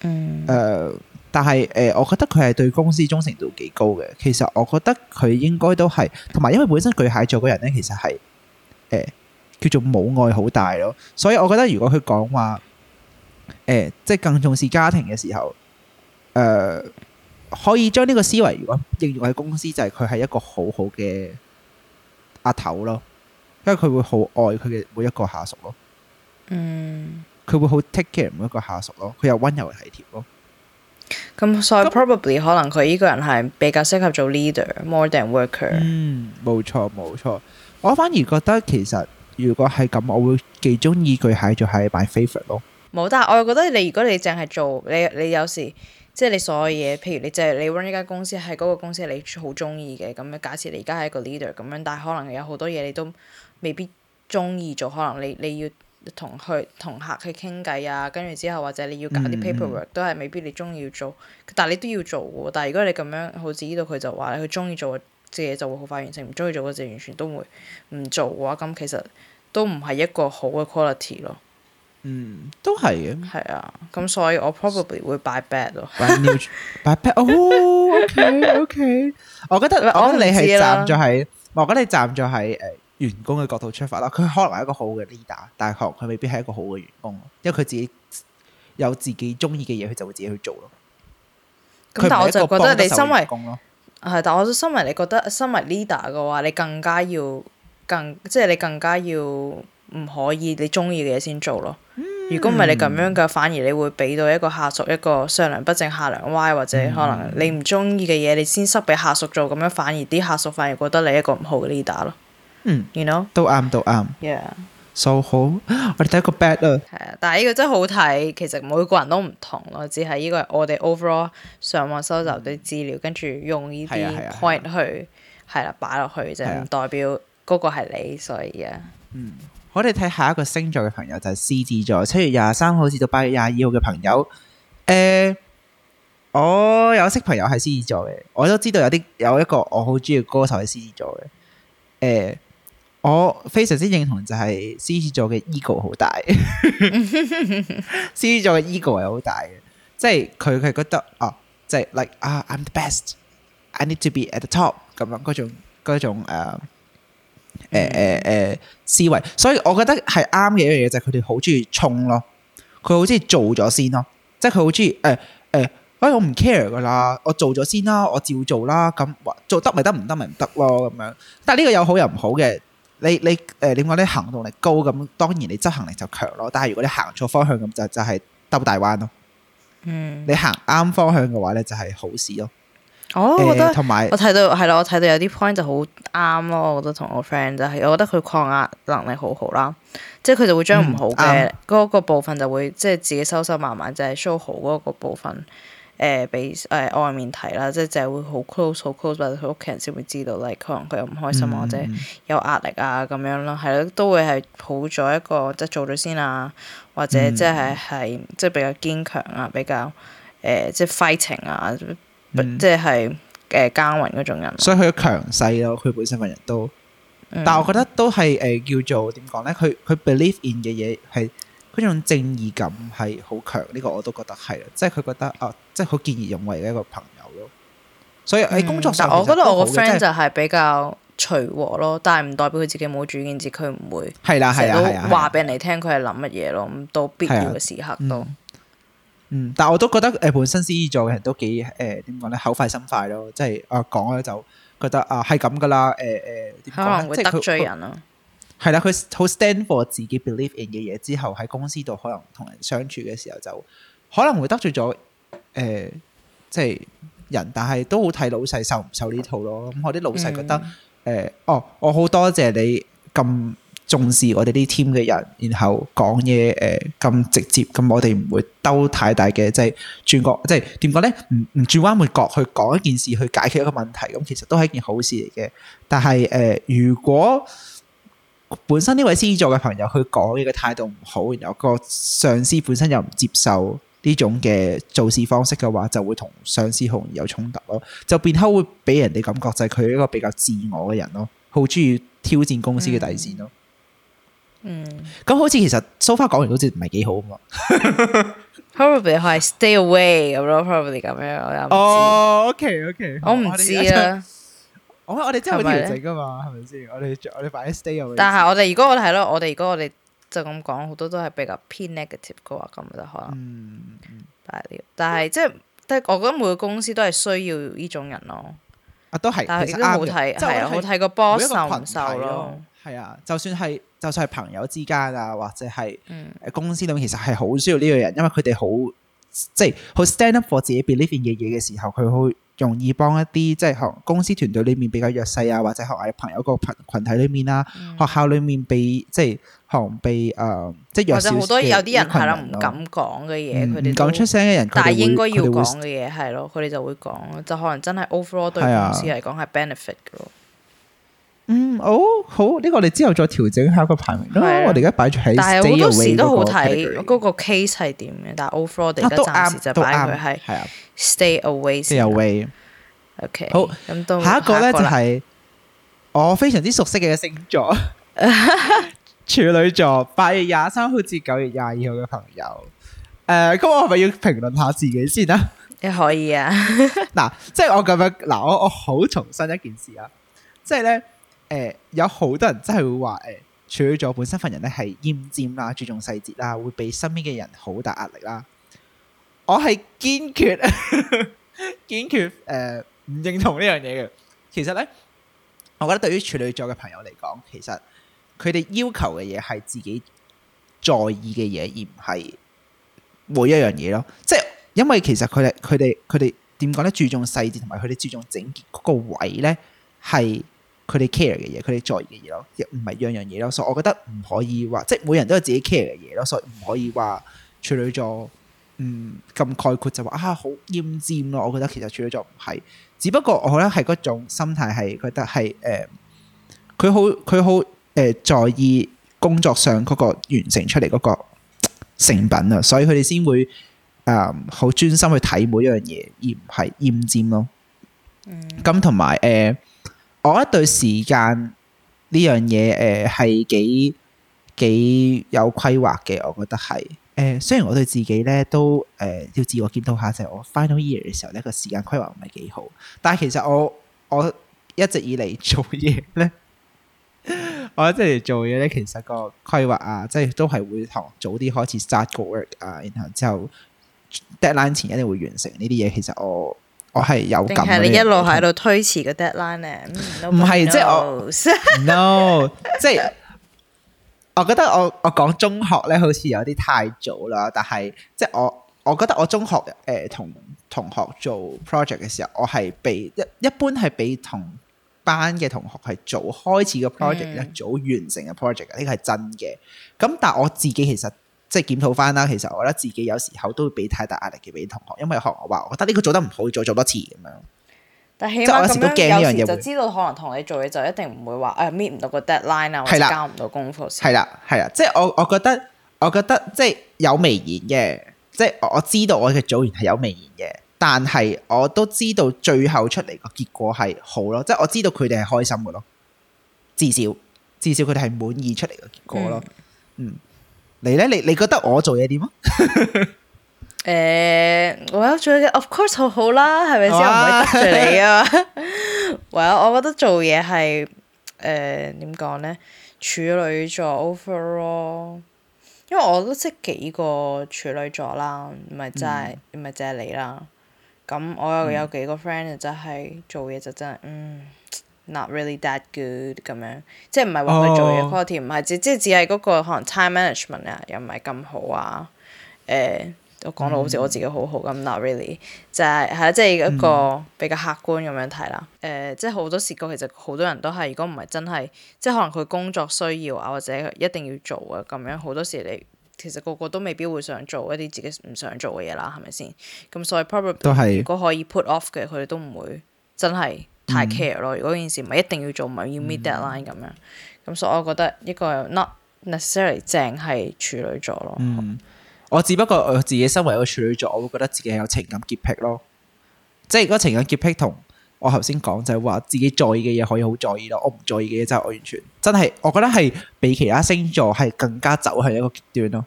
S2: 嗯，誒、呃。但係，誒、呃，我覺得佢係對公司忠誠度幾高嘅。其實我覺得佢應該都係，同埋因為本身巨蟹座嘅人咧，其實係誒、呃、叫做母愛好大咯。所以我覺得如果佢講話，誒、呃，即係更重視家庭嘅時候，誒、呃，可以將呢個思維如果應用喺公司，就係佢係一個好好嘅阿頭咯。因為佢會好愛佢嘅每一個下屬咯。嗯，佢會好 take care 每一個下屬咯，佢有溫柔體貼咯。咁所以 probably、
S1: 嗯、可能佢呢個人係比較適合做 leader，more than worker。嗯，
S2: 冇錯冇錯，我反而覺得其實如果係咁，我會幾中意佢。喺就係 my favorite 咯。
S1: 冇，但係我又覺得你如果你淨係做你你有時即係、就是、你所有嘢，譬如你淨係你 run 一間公司，係嗰個公司你好中意嘅，咁假設你而家係一個 leader 咁樣，但係可能有好多嘢你都未必中意做，可能你你要，同去同客去傾偈啊，跟住之後或者你要搞啲 paperwork，嗯，都係未必你中意要做，但你都要做喎。但如果你咁樣好似呢度佢就話你佢中意做嘅嘢就會好快完成，唔中意做嘅嘢完全都會唔做嘅話，咁，啊啊，其實都唔係一個好嘅 quality 咯。嗯，都係嘅。係啊，咁所以我 probably 會 buy bad 咯。
S2: buy bad? 哦，OK，OK。我覺得，我，不我覺得你係站咗喺，我覺得你站咗喺員工嘅角度出發啦，佢可能係一個好嘅 leader，但係學佢未必係一個好嘅員工，因為佢自己有自己中意嘅嘢，佢就會自己去做咯。
S1: 咁但我就覺得你身
S2: 為
S1: 但係我身為你覺得身為 leader 嘅話，你更加要更即係你更加要唔可以你中意嘅嘢先做咯。如果唔係你咁樣嘅，反而你會俾到一個下屬一個上梁不正下梁歪，或者可能你唔中意嘅嘢你先塞俾下屬做，咁樣反而啲下屬反而覺得你一個唔好嘅 leader 咯。
S2: 嗯，你 You know 都啱，都啱。
S1: Yeah，so
S2: 好，我哋睇一個 bad。係啊，
S1: 但係呢個真係好睇。其實每個人都唔同咯，只係呢個係我哋 overall 上網收集啲資料，跟住用呢啲 point 去係啦擺落去就唔、啊、代表嗰個係你，所以啊，嗯，
S2: 我哋睇下一個星座嘅朋友就係獅子座，七月廿三號至到八月廿二號嘅朋友。誒、就是欸，我有識朋友係獅子座嘅，我都知道有啲有一個我好中意嘅歌手係獅子座嘅，誒、欸。我非常之認同、 哦，就係獅子座嘅 ego 好大，獅子座嘅 ego 係好大嘅，即係佢佢覺得哦，即係 like、oh, I'm the best，I need to be at the top，咁樣嗰種嗰種誒誒誒思維，所以我覺得係啱嘅一樣嘢就係佢哋好中意衝咯，佢好中意做咗先咯，即係佢好中意誒誒，所以我唔 care 噶啦，我做咗先啦，我照做啦，咁做得咪得，唔得咪唔得咯，咁樣，但係呢個有好有唔好嘅。你你誒點講咧，行動力高咁，當然你執行力就強咯。但係如果你行錯方向咁，就就係兜大彎咯。嗯，你行啱方向嘅話咧，就係好事咯。哦，同埋、欸、我睇到
S1: 係咯，我睇到有啲 point 就好啱咯。我覺得同我 friend 就係，我覺得佢抗壓能力好好啦。即係佢就會將唔好嘅嗰個部分就會即係自己收收埋埋，就係 show 好嗰個部分。誒俾誒外面睇啦，即係就係會好 close 好 close，或者佢屋企人先會知道例 i 可能佢又唔開心、嗯、或者有壓力啊咁樣咯，係咯，都會係抱咗一個即係做咗先啊，或者即係係、嗯、即係比較堅強啊，比較誒、呃、即係 fighting 啊，嗯、即係誒堅韌嗰種人。
S2: 所以佢強勢咯，佢本身份人都，但係我覺得都係誒、呃、叫做點講咧？佢佢 believe in 嘅嘢係。佢種正義感係好強，呢、這個我都覺得係，即係佢覺得啊，即係好見義勇為嘅一個朋友咯。所以喺工作上、嗯，我覺得我個 friend 就
S1: 係比較隨和咯、就是，但係唔代表佢自己冇主見，只佢唔會係啦係啊，話俾人嚟聽佢係諗乜嘢咯，咁到必要嘅時
S2: 刻咯。嗯，但係我都覺得誒，本身獅座嘅人都幾誒，點講咧？口快心快咯，即係啊講咧就覺得啊係咁噶啦，誒、呃、誒，呃、可能會得罪人咯、啊。係啦，佢好 stand for 自己 believe in 嘅嘢之後，喺公司度可能同人相處嘅時候，就可能會得罪咗誒，即係人，但係都好睇老細受唔受呢套咯。咁我啲老細覺得誒，哦，我好多謝你咁重視我哋啲 team 嘅人，然後講嘢誒咁直接，咁我哋唔會兜太大嘅，即係轉角，即係點講咧？唔唔轉彎抹角去講一件事，去解決一個問題，咁其實都係一件好事嚟嘅。但係誒，如果，本身呢位資助嘅朋友，佢講嘢嘅態度唔好，然後個上司本身又唔接受呢種嘅做事方式嘅話，就會同上司好容易有衝突咯，就變咗會俾人哋感覺就係佢一個比較自我嘅人咯，好中意挑戰公司嘅底線咯。嗯，咁好似其實 so far、so、講完好似唔係幾好咁咯
S1: ，probably 係 stay away 咁咯，probably 咁樣，我又
S2: 唔知哦，OK，OK，我唔知啊。哦、我我哋真係會調整噶嘛，係咪先？我哋我哋擺喺 stay 入去。但係我哋如，如
S1: 果我係咯，我哋如果我哋就咁講，好多都係比較偏 negative 嘅話咁，就可能大料。嗯嗯、但係即係，但係我覺得每個公司都係需要呢種人咯。啊，
S2: 都係，但係都好睇，係、嗯、好睇個 boss 個群集咯，係啊，就算係就算係朋友之間啊，或者係公司裏面，其實係好需要呢個人，因為佢哋好即係好 stand up for 自己 believe in 嘅嘢嘅時候，佢會。容易幫一啲即係行公司團隊裏面比較弱勢啊，或者係我朋友個群群體裏面啦，學校裏面被即係行被誒即係或者好多有啲人係啦唔敢
S1: 講嘅嘢，佢哋敢出聲嘅人，但係應該要講嘅嘢係咯，佢哋就會講，就可能真係 overall 對公司嚟講係 benefit 㗎。嗯，
S2: 好，好，呢個我哋之後再調整下個排名因啦。我哋而家擺住喺，但係好多時都好
S1: 睇嗰個 case 係點嘅。但 overall 我哋而家暫時就擺佢係。Stay away。Stay away。
S2: OK，好。咁都下一個咧就係我非常之熟悉嘅星座 處女座，八月廿三號至九月廿二號嘅朋友。誒、呃，咁我係咪要評論下自己先啊？你可以啊, 啊。嗱，即係我咁樣，嗱、呃，我我好重申一件事啊，即係咧，誒、呃，有好多人真係會話，誒、呃，處女座本身份人咧係奄尖啦，注重細節啦，會俾身邊嘅人好大壓力啦。我係堅決堅 決誒唔、呃、認同呢樣嘢嘅。其實咧，我覺得對於處女座嘅朋友嚟講，其實佢哋要求嘅嘢係自己在意嘅嘢，而唔係每一樣嘢咯。即係因為其實佢哋佢哋佢哋點講咧？注重細節同埋佢哋注重整潔嗰個位咧，係佢哋 care 嘅嘢，佢哋在意嘅嘢咯，亦唔係樣樣嘢咯。所以我覺得唔可以話，即係每人都有自己 care 嘅嘢咯。所以唔可以話處女座。咁、嗯、概括就話啊，好奄尖咯！我覺得其實處女座唔係，只不過我覺得係嗰種心態係覺得係誒，佢好佢好誒在意工作上嗰、嗰個完成出嚟嗰個成品啊，所以佢哋先會誒好專心去睇每一樣嘢，而唔係奄尖咯。咁同埋誒，我一對時間呢樣嘢誒係幾幾有規劃嘅，我覺得係。誒，雖然我對自己咧都誒、呃、要自我檢討下，就係、是、我 final year 嘅時候咧個時間規劃唔係幾好，但係其實我我一直以嚟做嘢咧， 我一直嚟做嘢咧，其實個規劃啊，即係都係會同早啲開始 start 個 work 啊，然後之後 deadline 前一定會完成呢啲嘢。其實我我係有咁，係你一路喺度
S1: 推遲個 deadline 咧，
S2: 唔、no、係 即係我 no 即係。我覺得我我講中學咧，好似有啲太早啦。但係即係我，我覺得我中學誒、欸、同同學做 project 嘅時候，我係被一一般係俾同班嘅同學係早開始嘅 project，一早、嗯、完成嘅 project。呢個係真嘅。咁但係我自己其實即係檢討翻啦。其實我覺得自己有時候都會俾太大壓力嘅俾同學，因為學我話，我覺得呢個做得唔好，再做，做多次咁樣。
S1: 我就咁樣，我有,時都驚呢樣嘢有時就知道可能同你做嘢會就一定唔會話誒搣唔到個 deadline 啊的，或者交唔到功課。係
S2: 啦，係啦，即係我我覺得我覺得即係有微言嘅，即係我知道我嘅組員係有微言嘅，但係我都知道最後出嚟個結果係好咯，即係我知道佢哋係開心嘅咯，至少至少佢哋係滿意出嚟嘅結果咯。嗯,嗯，你咧你你覺得我做嘢點？
S1: 誒、uh, well 做嘢 of course 好好啦，係咪先？唔可以得罪你啊，唯有我覺得做嘢係誒點講咧？處女座 overall，因為我都識幾個處女座啦，唔係真係唔係就係、係嗯、你啦。咁我又有幾個 friend、就係嗯、就真係做嘢就真係，嗯，not really that good 咁樣，即係唔係話佢做嘢 quality 唔係，即即係只係嗰、嗰個可能 time management 啊又唔係咁好啊誒。呃我講到好似我自己好好咁，not really，就係係啦，即係一個比較客觀咁樣睇啦。誒、嗯呃，即係好多時個，其實好多人都係，如果唔係真係，即係可能佢工作需要啊，或者一定要做啊，咁樣好多時你其實個個都未必會想做一啲自己唔想做嘅嘢啦，係咪先？咁所以 probably 係如果可以 put off 嘅，佢哋都唔會真係太 care 咯、嗯。如果件事唔係一定要做，唔係要 meet that line 咁、嗯、樣，咁所以我覺得一個 not necessarily 正係處女座咯。嗯。
S2: 我只不過，我自己身為一個處女座，我會覺得自己係有情感潔癖咯。即係如果情感潔癖同我頭先講就係話自己在意嘅嘢，可以好在意咯，我唔在意嘅嘢就我完全真係，我覺得係比其他星座係更加走向一個極端咯。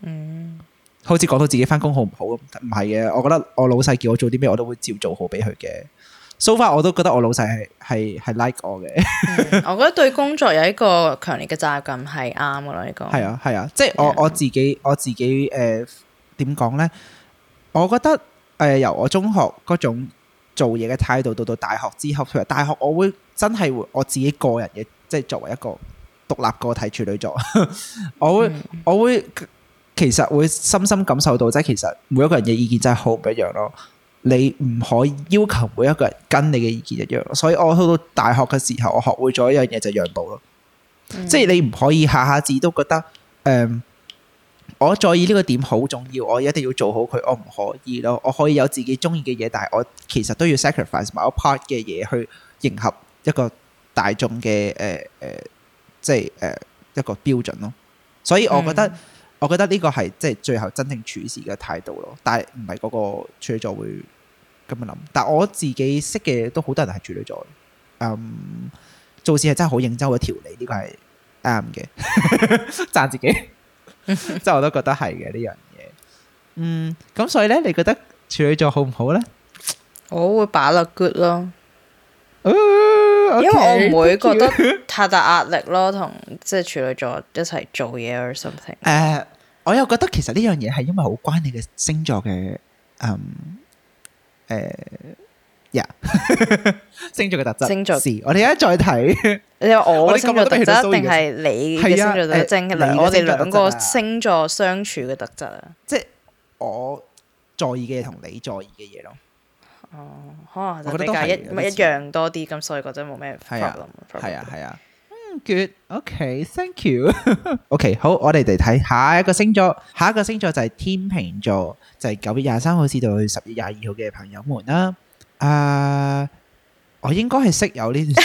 S2: 嗯，好似講到自己翻工，好唔好唔係嘅，我覺得我老細叫我做啲咩，我都會照做好俾佢嘅。So far, 我都覺得我老細係係係 like 我嘅，mm,
S1: 我覺得對工作有一個強烈嘅責任感係啱嘅咯，呢個、啊。係啊
S2: 係啊，即係我 Yeah. 我自己我自己誒點講咧？我覺得誒、呃、由我中學嗰種做嘢嘅態度到到大學之後，譬如大學我會真係我自己個人嘅，即、就、係、是、作為一個獨立個體處女座， 我會、mm. 我會其實會深深感受到，即、就、係、是、其實每一個人嘅意見真係好唔一樣咯。你唔可以要求每一個人跟你嘅意見一樣，所以我到大學嘅時候，我學會咗一樣嘢就是，讓步咯。嗯、即係你唔可以下下字都覺得，誒、嗯，我在意呢個點好重要，我一定要做好佢，我唔可以咯。我可以有自己中意嘅嘢，但係我其實都要 sacrifice 某 part 嘅嘢去迎合一個大眾嘅誒誒，即係誒、呃、一個標準咯。所以我覺得，嗯、我覺得呢個係即係最後真正處事嘅態度咯。但係唔係嗰個處座會。咁樣諗，但我自己識嘅都好多人係處女座，um, 做事係真係好認真嘅條理，呢個係啱嘅，讚 自己，即係我都覺得係嘅呢樣嘢。嗯，咁所以呢，你覺得處女座好唔好呢？我會把握 good 咯，uh, okay, 因為我唔會覺得
S1: 太大壓力咯，同 即係處女座一齊做嘢 or something。
S2: 誒，uh, 我又覺得其實呢樣嘢係因為好關你嘅星座嘅，um, 誒，呀、uh, yeah, 星座嘅特質，星座事，我哋而家再睇，你話我嘅星座特質定係你嘅星座特質？啊欸、我哋兩個
S1: 星座相處嘅特
S2: 質啊，即係我在意嘅嘢同你在意嘅嘢咯。哦，
S1: 可能我覺得一唔一樣多啲，咁所以覺得冇咩 problem。係啊，
S2: 係啊。good，ok，thank、okay, you，ok， okay, 好，我哋嚟睇下一個星座，下一個星座就係天秤座，就係、是、九月廿三號至到去十月廿二號嘅朋友們啦。誒、uh,，我應該係識有呢段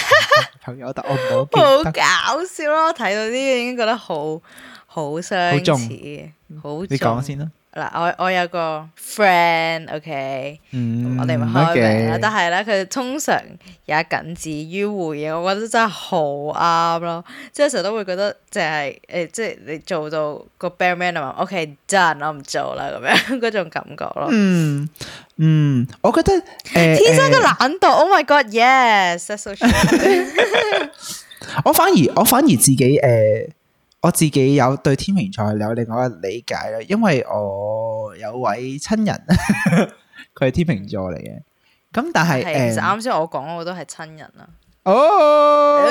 S2: 朋友，但 我唔好。 好
S1: 搞笑咯，睇到啲已經覺得好好相似，好重重你講先啦。嗱，我我有個 friend，OK，、okay? 嗯、
S2: 我哋咪開名啦。Okay. 但係
S1: 咧，佢通常有一僅止於會啊，我覺得真係好啱咯。即係成日都會覺得、欸，即係誒，即係你做到個 bare minimum 啊，OK，done 我唔做啦咁樣嗰種感覺咯。嗯
S2: 嗯，我覺得誒、呃、天生嘅
S1: 懶惰、呃、，Oh my God，Yes，That's so true。
S2: 我反而我反而自己誒。呃我自己有對天秤座有另外嘅理解啦，因為我有位親人，佢係天秤座嚟嘅。咁但係，其實啱
S1: 先我講嗰個都係親人啦。
S2: 哦，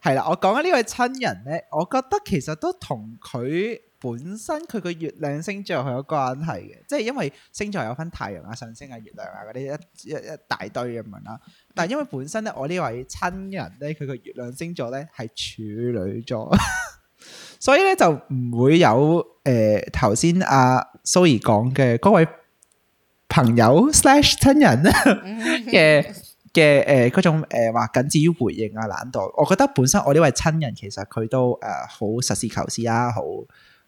S2: 係啦，我講緊呢位親人咧，我覺得其實都同佢本身佢個月亮星座有關係嘅，即係因為星座有分太陽啊、上升啊、月亮啊嗰啲一一一大堆咁樣啦。但係因為本身咧，我呢位親人咧，佢個月亮星座咧係處女座。所以咧就唔會有誒頭先阿 Zoe 講嘅嗰位朋友 slash 親人嘅嘅誒嗰種誒話僅止於回應啊懶惰，我覺得本身我呢位親人其實佢都誒好、呃、實事求是啊，好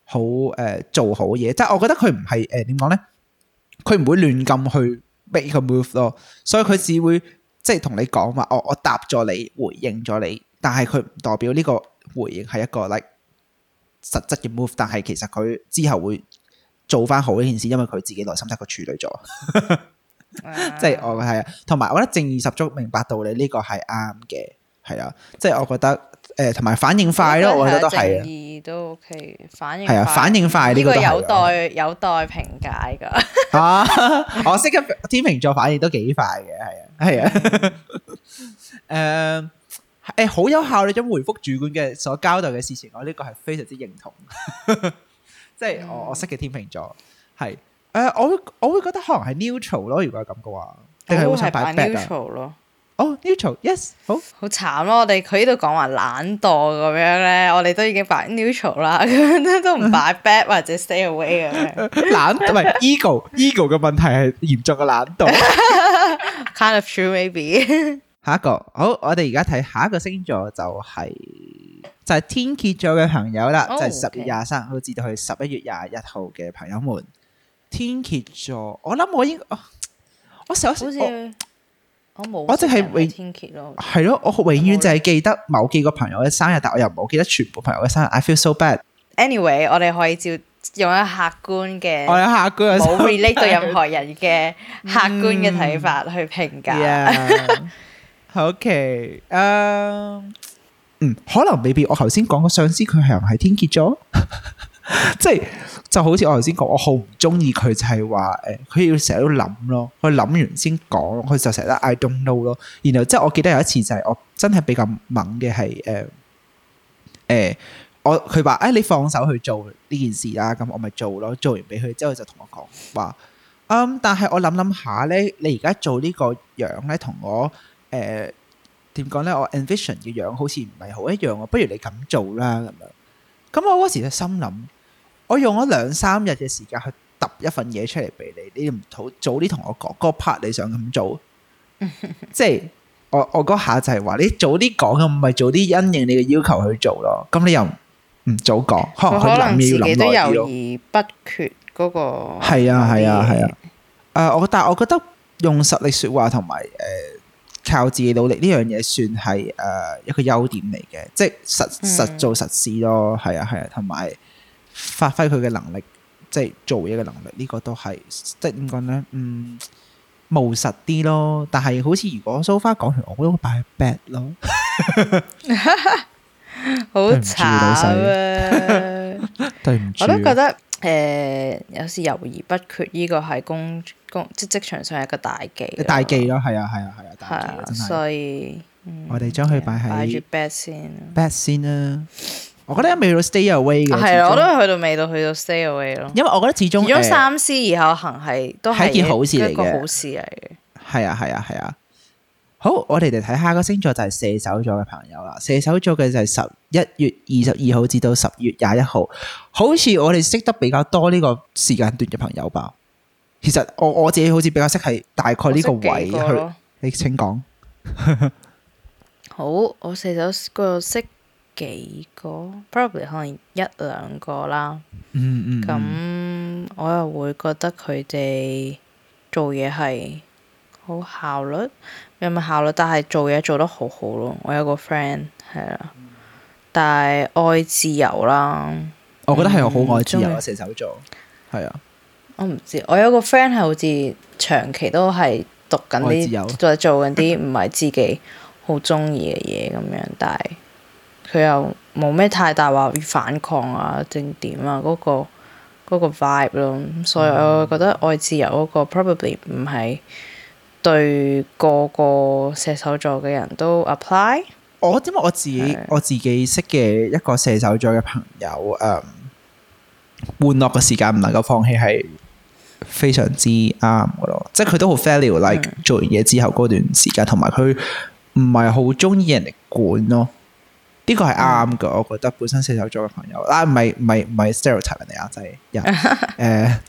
S2: 好誒做好嘢，即、就、係、是、我覺得佢唔係誒點講咧，佢、呃、唔會亂咁去 make 個 move 咯，所以佢只會即係同你講話、哦，我我答咗你，回應咗你，但係佢唔代表呢個回應係一個 like。實質嘅 move，但係其實佢之後會做翻好呢件事，因為佢自己內心得個處女座、啊， 即係我係啊，同埋我覺得正義十足，明白道理呢、這個係啱嘅，係啊，即、就、係、是、我覺得誒，同、呃、埋反應快咯，嗯、我覺得都係，都 ok，反
S1: 應係啊，反應快呢個，個有待有待評價噶，
S2: 啊， 我識嘅天秤座反應都幾快嘅，係啊，係啊，誒。誒，好、欸、有效你想回覆主管嘅所交代嘅事情，我呢個係非常之認同。呵呵，即係我我識嘅天秤座，係誒、呃，我我會覺得可能係 neutral 咯，如果係咁嘅話，定係會想擺 bad 咯？
S1: 哦、
S2: oh,，neutral，yes，好、oh.，
S1: 好慘咯、啊。我哋佢呢度講話懶惰咁樣咧，我哋都已經擺 neutral 啦， 都唔擺 bad 或者 stay away 咁樣。 懶唔係 ego，ego
S2: 嘅問題係嚴重嘅懶惰。
S1: kind of true，maybe。
S2: 下一個，好，我哋而家睇下一個星座就係、是、就係、是、天蠍座嘅朋友啦，oh, okay. 就係十月廿三號至到去十一月廿一號嘅朋友們。天蠍座，我諗我應我好似我冇，我淨係為天蠍咯，係咯，我永遠就係記得某幾個朋友嘅生日，但我又冇記得全部朋友嘅生日，I feel so bad。
S1: Anyway，我哋可以照用一個客觀嘅，我有客觀冇 relate 到任何人嘅客觀嘅睇法、嗯、去評價。
S2: Yeah. OK，誒，嗯，可能未必我頭先講個上司佢係唔係天蠍座，即係就好似我頭先講，我好唔中意佢，就係話誒，佢要成日都諗咯，佢諗完先講，佢就成日都 I don't know 咯。然後即係我記得有一次就係我真係比較猛嘅係誒，誒，我佢話誒，你放手去做呢件事啦，咁我咪做咯，做完俾佢之後就同我講話，嗯，但係我諗諗下咧，你而家做呢個樣咧，同我。誒，點講咧？我 envision 嘅樣好似唔係好一樣啊，不如你咁做啦咁樣。咁我嗰時就心諗，我用咗兩三日嘅時間去揼一份嘢出嚟俾你，你唔好早啲同我講嗰 part 你想咁做。即係我我嗰下就係話你早啲講啊，唔係早啲因應你嘅要求去做咯。咁你又唔早講，可能佢諗要諗耐啲咯。猶豫
S1: 不決嗰個係
S2: 啊，係啊，係啊。誒，我但係我覺得用實力說話同埋誒。靠自己努力呢樣嘢算係誒，一個優點嚟嘅，即係實實做實事咯，係啊係啊，同埋、啊、發揮佢嘅能力，即係做嘢嘅能力，呢、這個都係即點講咧？嗯，務實啲咯。但係好似如果蘇花講完，我，覺得我都擺 bad 咯， 好慘啊！對唔，
S1: 對唔住我都覺得誒、呃、有時猶豫不決，呢個係公。即職場上係一個大忌，大忌咯，係啊，係啊，係啊，大忌。係所以、
S2: 嗯、我哋將佢擺喺擺住 back 先，back 先啦。我覺得未到 stay away 嘅，係咯、啊，終我都
S1: 去到未到去到 stay away 咯。因為
S2: 我覺得始終如果三
S1: 思而後行係都係一件好事嚟嘅，好事嚟
S2: 嘅。係啊，係啊，係啊,啊。好，我哋嚟睇下個星座就係射手座嘅朋友啦。射手座嘅就係十一月二十二號至到十月廿一號，好似我哋識得比較多呢個時間段嘅朋友吧。其實我我自己好似比較識係大概呢個位個去，你請講、嗯。
S1: 好，我射手個識幾個，probably 可能一兩個啦。嗯嗯。
S2: 咁、嗯、
S1: 我又會覺得佢哋做嘢係好效率，有冇效率？但係做嘢做得好好咯。我有個 friend 係啦，嗯、但係愛自由啦。
S2: 我覺得係我好愛自由，射、嗯、手座係啊。
S1: 我唔知，我有個 friend 係好似長期都係讀緊啲，就做緊啲唔係自己好中意嘅嘢咁樣， 但係佢又冇咩太大話反抗啊，定點啊，嗰個嗰個 vibe 咯，所以我覺得愛自由嗰個 probably 唔係對個個射手座嘅人都 apply、哦。
S2: 我因為我自己的我自己識嘅一個射手座嘅朋友誒，玩樂嘅時間唔能夠放棄係。非常之啱嘅咯，即係佢都好 value，like 做完嘢之後段時間，同埋佢唔係好中意人嚟管咯。呢個係啱嘅，的我覺得本身射手座嘅朋友，啊，唔係唔係唔係 stereotype 人哋啊，真係，誒、 呃，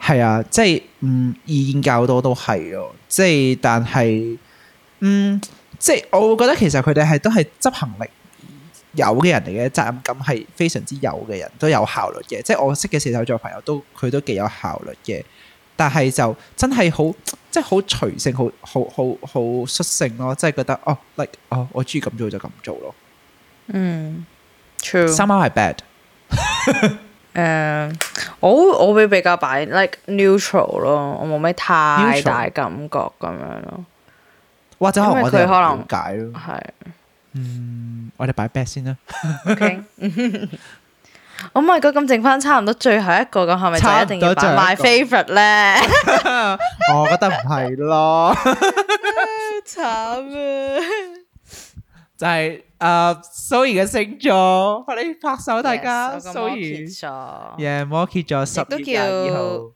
S2: 係啊，即係，嗯，意見較多都係咯，即係，但係，嗯，即係，我覺得其實佢哋係都係執行力。有嘅人嚟嘅責任感係非常之有嘅，人都有效率嘅，即係我識嘅射手座朋友都佢都幾有效率嘅，但係就真係好即係好隨性，好好好好率性咯，即係覺得哦 like 哦我中意咁做就咁做咯。嗯，True Somehow is、 uh,。三貓係 bad。誒，我我
S1: 會比較擺 like neutral 咯，我冇咩太大感覺咁樣咯。
S2: 或者佢可能解咯，係。嗯，我哋擺 best 先啦 Okay.
S1: oh。O K，我咪講咁，剩翻差唔多最後一個咁，係咪就一定要擺 my favorite
S2: 咧？ 我覺得唔係咯。 慘 啊！慘啊就係、是、啊、uh,，Zoe 嘅星座，我、啊、哋拍手大家。Yes, Zoe 座，Yeah，摩羯座，十都叫，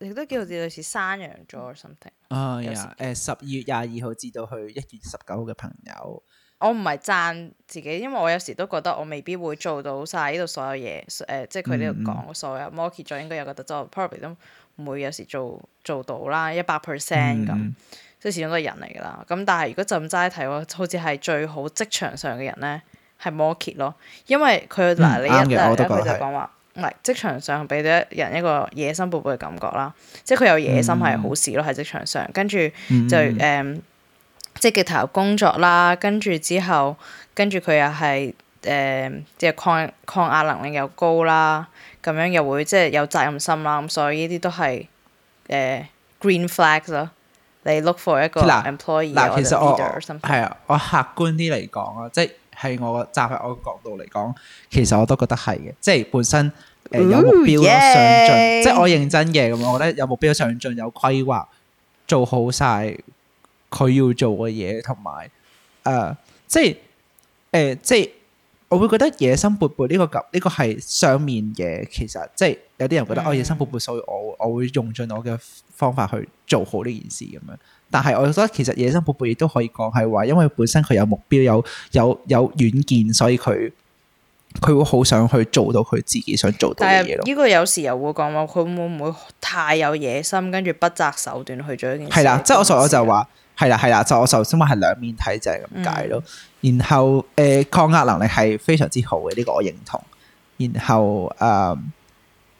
S1: 亦都叫類似山羊座 something、uh,
S2: yeah, 啊。啊誒，十二月廿二號至到去一月十九號嘅朋友。
S1: 我唔係贊自己，因為我有時都覺得我未必會做到晒呢度所有嘢，誒，即係佢呢度講所有。摩羯座應該有個特質，我 probably 都唔會有時做做到啦，一百 percent 咁，即係始終都係人嚟㗎啦。咁但係如果就咁齋睇，好似係最好職場上嘅人咧，係摩羯咯，因為佢嗱你一睇佢就講話，唔係職場上俾咗人一個野心勃勃嘅感覺啦，即係佢有野心係好事咯，喺職場上跟住就誒。積極投入工作啦，跟住之後，跟住佢又係誒、呃，即係抗抗壓能力又高啦，咁樣又會即係有責任心啦，咁所以呢啲都係誒、呃、green flag 咯。你 look for 一個 employee 啦，啦，其實我，or something. 我，係
S2: 啊。我客觀啲嚟講啊，即係我站喺我角度嚟講，其實我都覺得係嘅，即係本身誒、呃、有目標咯，上進，即係我認真嘅咁，我覺得有目標上進，有規劃，做好晒。佢要做嘅嘢同埋，誒、呃，即係，誒、呃，即係，我會覺得野心勃勃呢個咁呢、這個係上面嘅，其實即係有啲人覺得、嗯、哦野心勃勃，所以我我會用盡我嘅方法去做好呢件事咁樣。但係我覺得其實野心勃勃亦都可以講係話，因為本身佢有目標，有有有遠見，所以佢佢會好想去做到佢自己想做到嘅
S1: 嘢咯。呢個有時又會講話佢會唔會太有野心，跟住不擇手段去做呢件事？係啦，即
S2: 係我所我就話、是。係啦，係啦，就我頭先話係兩面睇就係咁解咯。嗯、然後誒、呃，抗壓能力係非常之好嘅，呢、這個我認同。然後誒、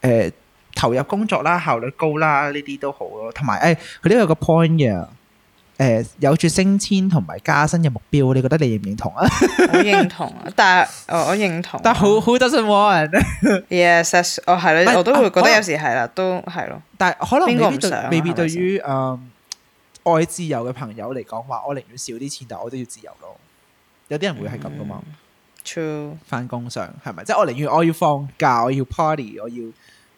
S2: 呃，投入工作啦，效率高啦，呢啲都好咯。同埋誒，佢、哎、都有個 point 嘅、呃，誒有住升遷同埋加薪嘅目標，你覺得你認唔認同啊？我認同、啊，但係
S1: 我，我認同，但係好好得信喎。Yes，我係咯，我都會覺得有時係啦，
S2: 都係咯。但係可能未必邊 m 對於誒。愛自由嘅朋友嚟講，話我寧願少啲錢，但我都要自由咯。有啲人會係咁噶嘛？True，翻工上係咪？即係我寧願我要放假，我要 party，我要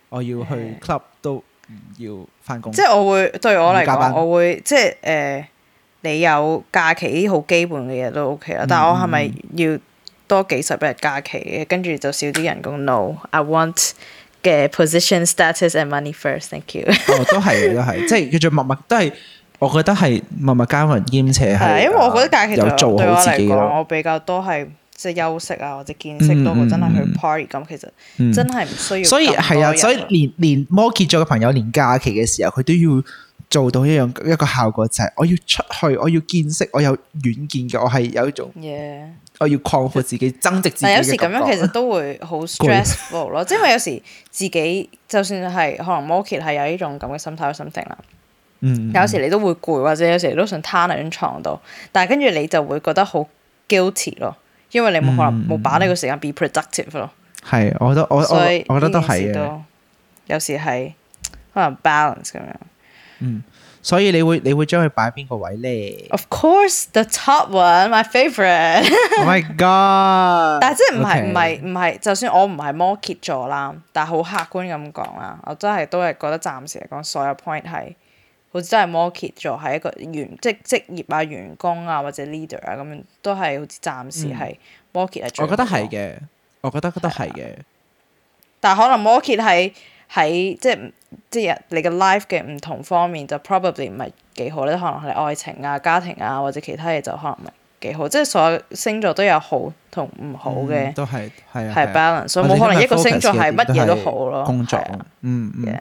S2: 我要去 club 都唔要翻工。即係我會對我嚟講，我
S1: 會即係誒，你有假期好基本嘅嘢都 OK 啊。但係我係咪要多幾十日假期？跟住就少啲人工？No，I want 嘅 position，status and money first。Thank you 。
S2: 哦，都係都係，即係叫做默默都係。我覺得係默默耕耘兼且係，因為我覺得假期對我嚟講，我
S1: 比較多係即係休息啊，或者見識多過、嗯嗯嗯嗯、真係去 party 咁。其實真係唔需要。所以係啊，所以
S2: 連連摩羯座嘅朋友，連假期嘅時候，佢都要做到一樣一個效果，就係、是、我要出去，我要見識，我有遠見嘅，我係有一種
S1: ，Yeah.
S2: 我要擴闊自己、增值自己。但有時咁樣其實
S1: 都會好 stressful 咯，即 係因為有時自己就算係可能摩羯係有呢種咁嘅心態、心情啦。嗯、有時你都會攰，或者有時你都想攤喺張床度，但係跟住你就會覺得好 guilty 咯，因為你冇可能冇把呢個時間 be productive 咯、嗯。
S2: 係以，我覺得我我我覺得都係
S1: 有時係可能 balance 咁樣。嗯，
S2: 所以你會你會將佢擺邊個位咧
S1: ？Of course，the top one，my favourite。 Oh、
S2: my god！
S1: 但係即係唔係唔係唔係，就算我唔係摩羯座啦，但係好客觀咁講啦，我真係都係覺得暫時嚟講，所有 point 係。好似真係摩羯座係一個員，即係職業啊、員工啊或者 leader 啊咁樣，都係好似暫時係摩羯係最、嗯、我覺得係
S2: 嘅，我覺得覺得係嘅。
S1: 但係可能摩羯喺喺即係即係你嘅 life 嘅唔同方面就 probably 唔係幾好咧，可能係愛情啊、家庭啊或者其他嘢就可能唔係幾好。即係所有星座都有好同唔好嘅、嗯。
S2: 都係係係 balance，所以冇可能一個星座係乜嘢都好咯。工作，工作、啊、嗯咁。嗯 Yeah.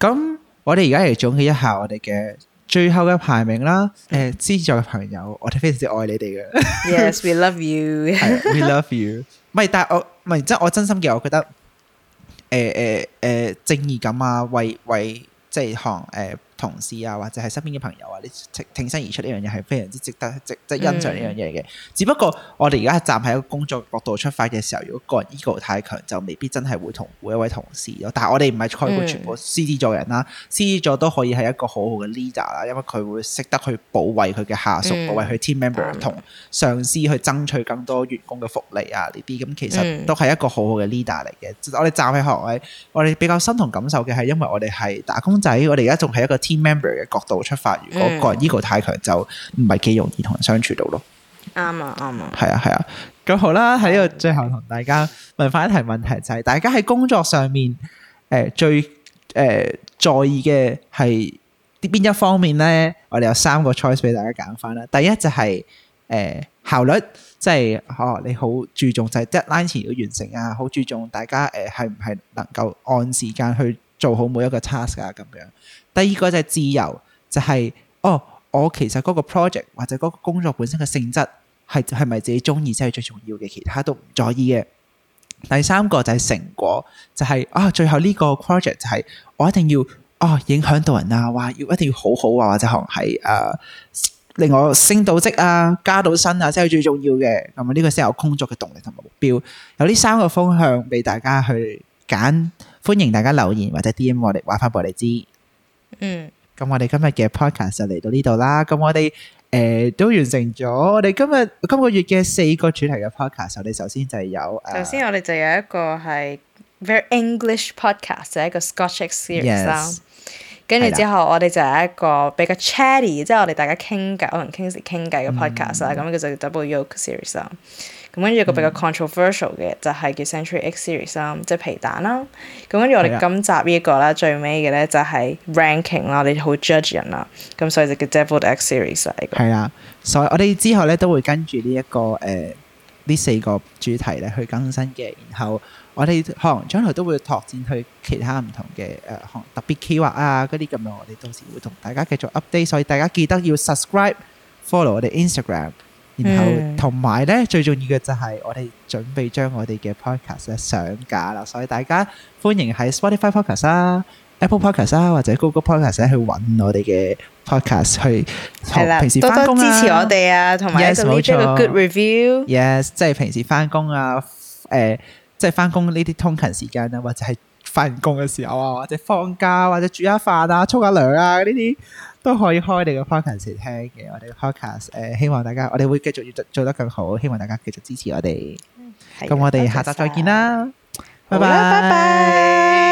S2: 嗯我哋而家嚟總結一下我哋嘅最後嘅排名啦！誒、呃，支持嘅朋友，我哋非常之愛你哋嘅。 Yes, we love you. yeah, we love you。唔係，但係我唔係，即係我真心嘅，我覺得誒誒誒正義感啊，為為即係行誒。可能呃同事啊，或者係身邊嘅朋友啊，你挺身而出呢樣嘢，係非常之值得、值、值得欣賞呢樣嘢嘅。嗯、只不過我哋而家站喺一個工作角度出發嘅時候，如果個人 ego 太強，就未必真係會同每一位同事咯。但係我哋唔係概括全部獅子座人啦，獅子、嗯、座都可以係一個好好嘅 leader 啦，因為佢會識得去保衛佢嘅下屬，嗯、保衛佢 team member 同、嗯、上司去爭取更多員工嘅福利啊呢啲。咁其實都係一個好好嘅 leader 嚟嘅。我哋站喺學位，我哋比較深同感受嘅係因為我哋係打工仔，我哋而家仲係一個。team member 嘅角度出發，如果個人 ego 太強，就唔係幾容易同人相處到咯。啱、嗯嗯嗯、啊，啱啊，係啊，係啊。咁好啦，喺呢個最後同大家問翻一題問題，就係、是、大家喺工作上面誒、呃、最誒、呃、在意嘅係邊一方面咧？我哋有三個 choice 俾大家揀翻啦。第一就係、是、誒、呃、效率，即、就、係、是、哦你好注重就係 deadline 前要完成啊，好注重大家誒係唔係能夠按時間去做好每一個 task 啊，咁樣。第二個就係自由，就係、是、哦，我其實嗰個 project 或者嗰個工作本身嘅性質係係咪自己中意，先係最重要嘅，其他都唔在意嘅。第三個就係成果，就係、是、啊、哦，最後呢個 project 就係我一定要啊、哦、影響到人啊，話要一定要好好啊，或者可能係誒令我升到職啊、加到薪啊，先係最重要嘅。咁、這、呢個先係我工作嘅動力同目標。有呢三個方向俾大家去揀，歡迎大家留言或者 DM 我哋，話翻俾我哋知。嗯，咁我哋今日嘅 podcast 就嚟到呢度啦。咁我哋誒、呃、都完成咗。我哋今日今個月嘅四個主題嘅 podcast，我哋首先就係有，首、uh，
S1: 先我哋就有一個係 very English podcast，就係一個 Scotch Egg series 啊。跟住之後，我哋就係一個比較 chatty，即係我哋大家傾偈，可能 k 傾偈嘅 podcast 啊。咁佢、嗯、就 Double Yolk series 啊。咁跟住個比較 controversial 嘅就係叫 Century Egg Series 啦，即係皮蛋啦。咁跟住我哋今集呢、這個、是的 一個啦，最尾嘅咧就係 Ranking 啦，我哋好 judge 人啦。咁所以就叫 Deviled Egg Series 係嘅。啦，
S2: 所以我哋之後咧都會跟住呢一個誒呢、呃、四個主題咧去更新嘅。然後我哋可能將來都會拓展去其他唔同嘅誒、呃、特別企劃啊嗰啲咁樣。我哋到時會同大家繼續 update。所以大家記得要 subscribe follow 我哋 Instagram。
S1: 然後
S2: 同埋咧，最重要嘅就係我哋準備將我哋嘅 podcast 咧上架啦，所以大家歡迎喺 Spotify podcast 啊、Apple podcast 啊或者 Google podcast 去揾我哋嘅 podcast 去。係啦，平時多多支持我哋啊，同埋多啲做個 good review。Yes，即係平時翻工啊，誒，即係翻工呢啲通勤時間啊，或者係翻工嘅時候啊，或者放假或者煮下飯啊、沖下涼啊呢啲，都可以開你嘅 podcast 嚟聽嘅，我哋嘅 podcast，誒、呃、希望大家，我哋會繼續做，做得更好，希望大家繼續支持我哋。咁、嗯、我哋下集再見啦，謝謝，拜拜，吧拜拜。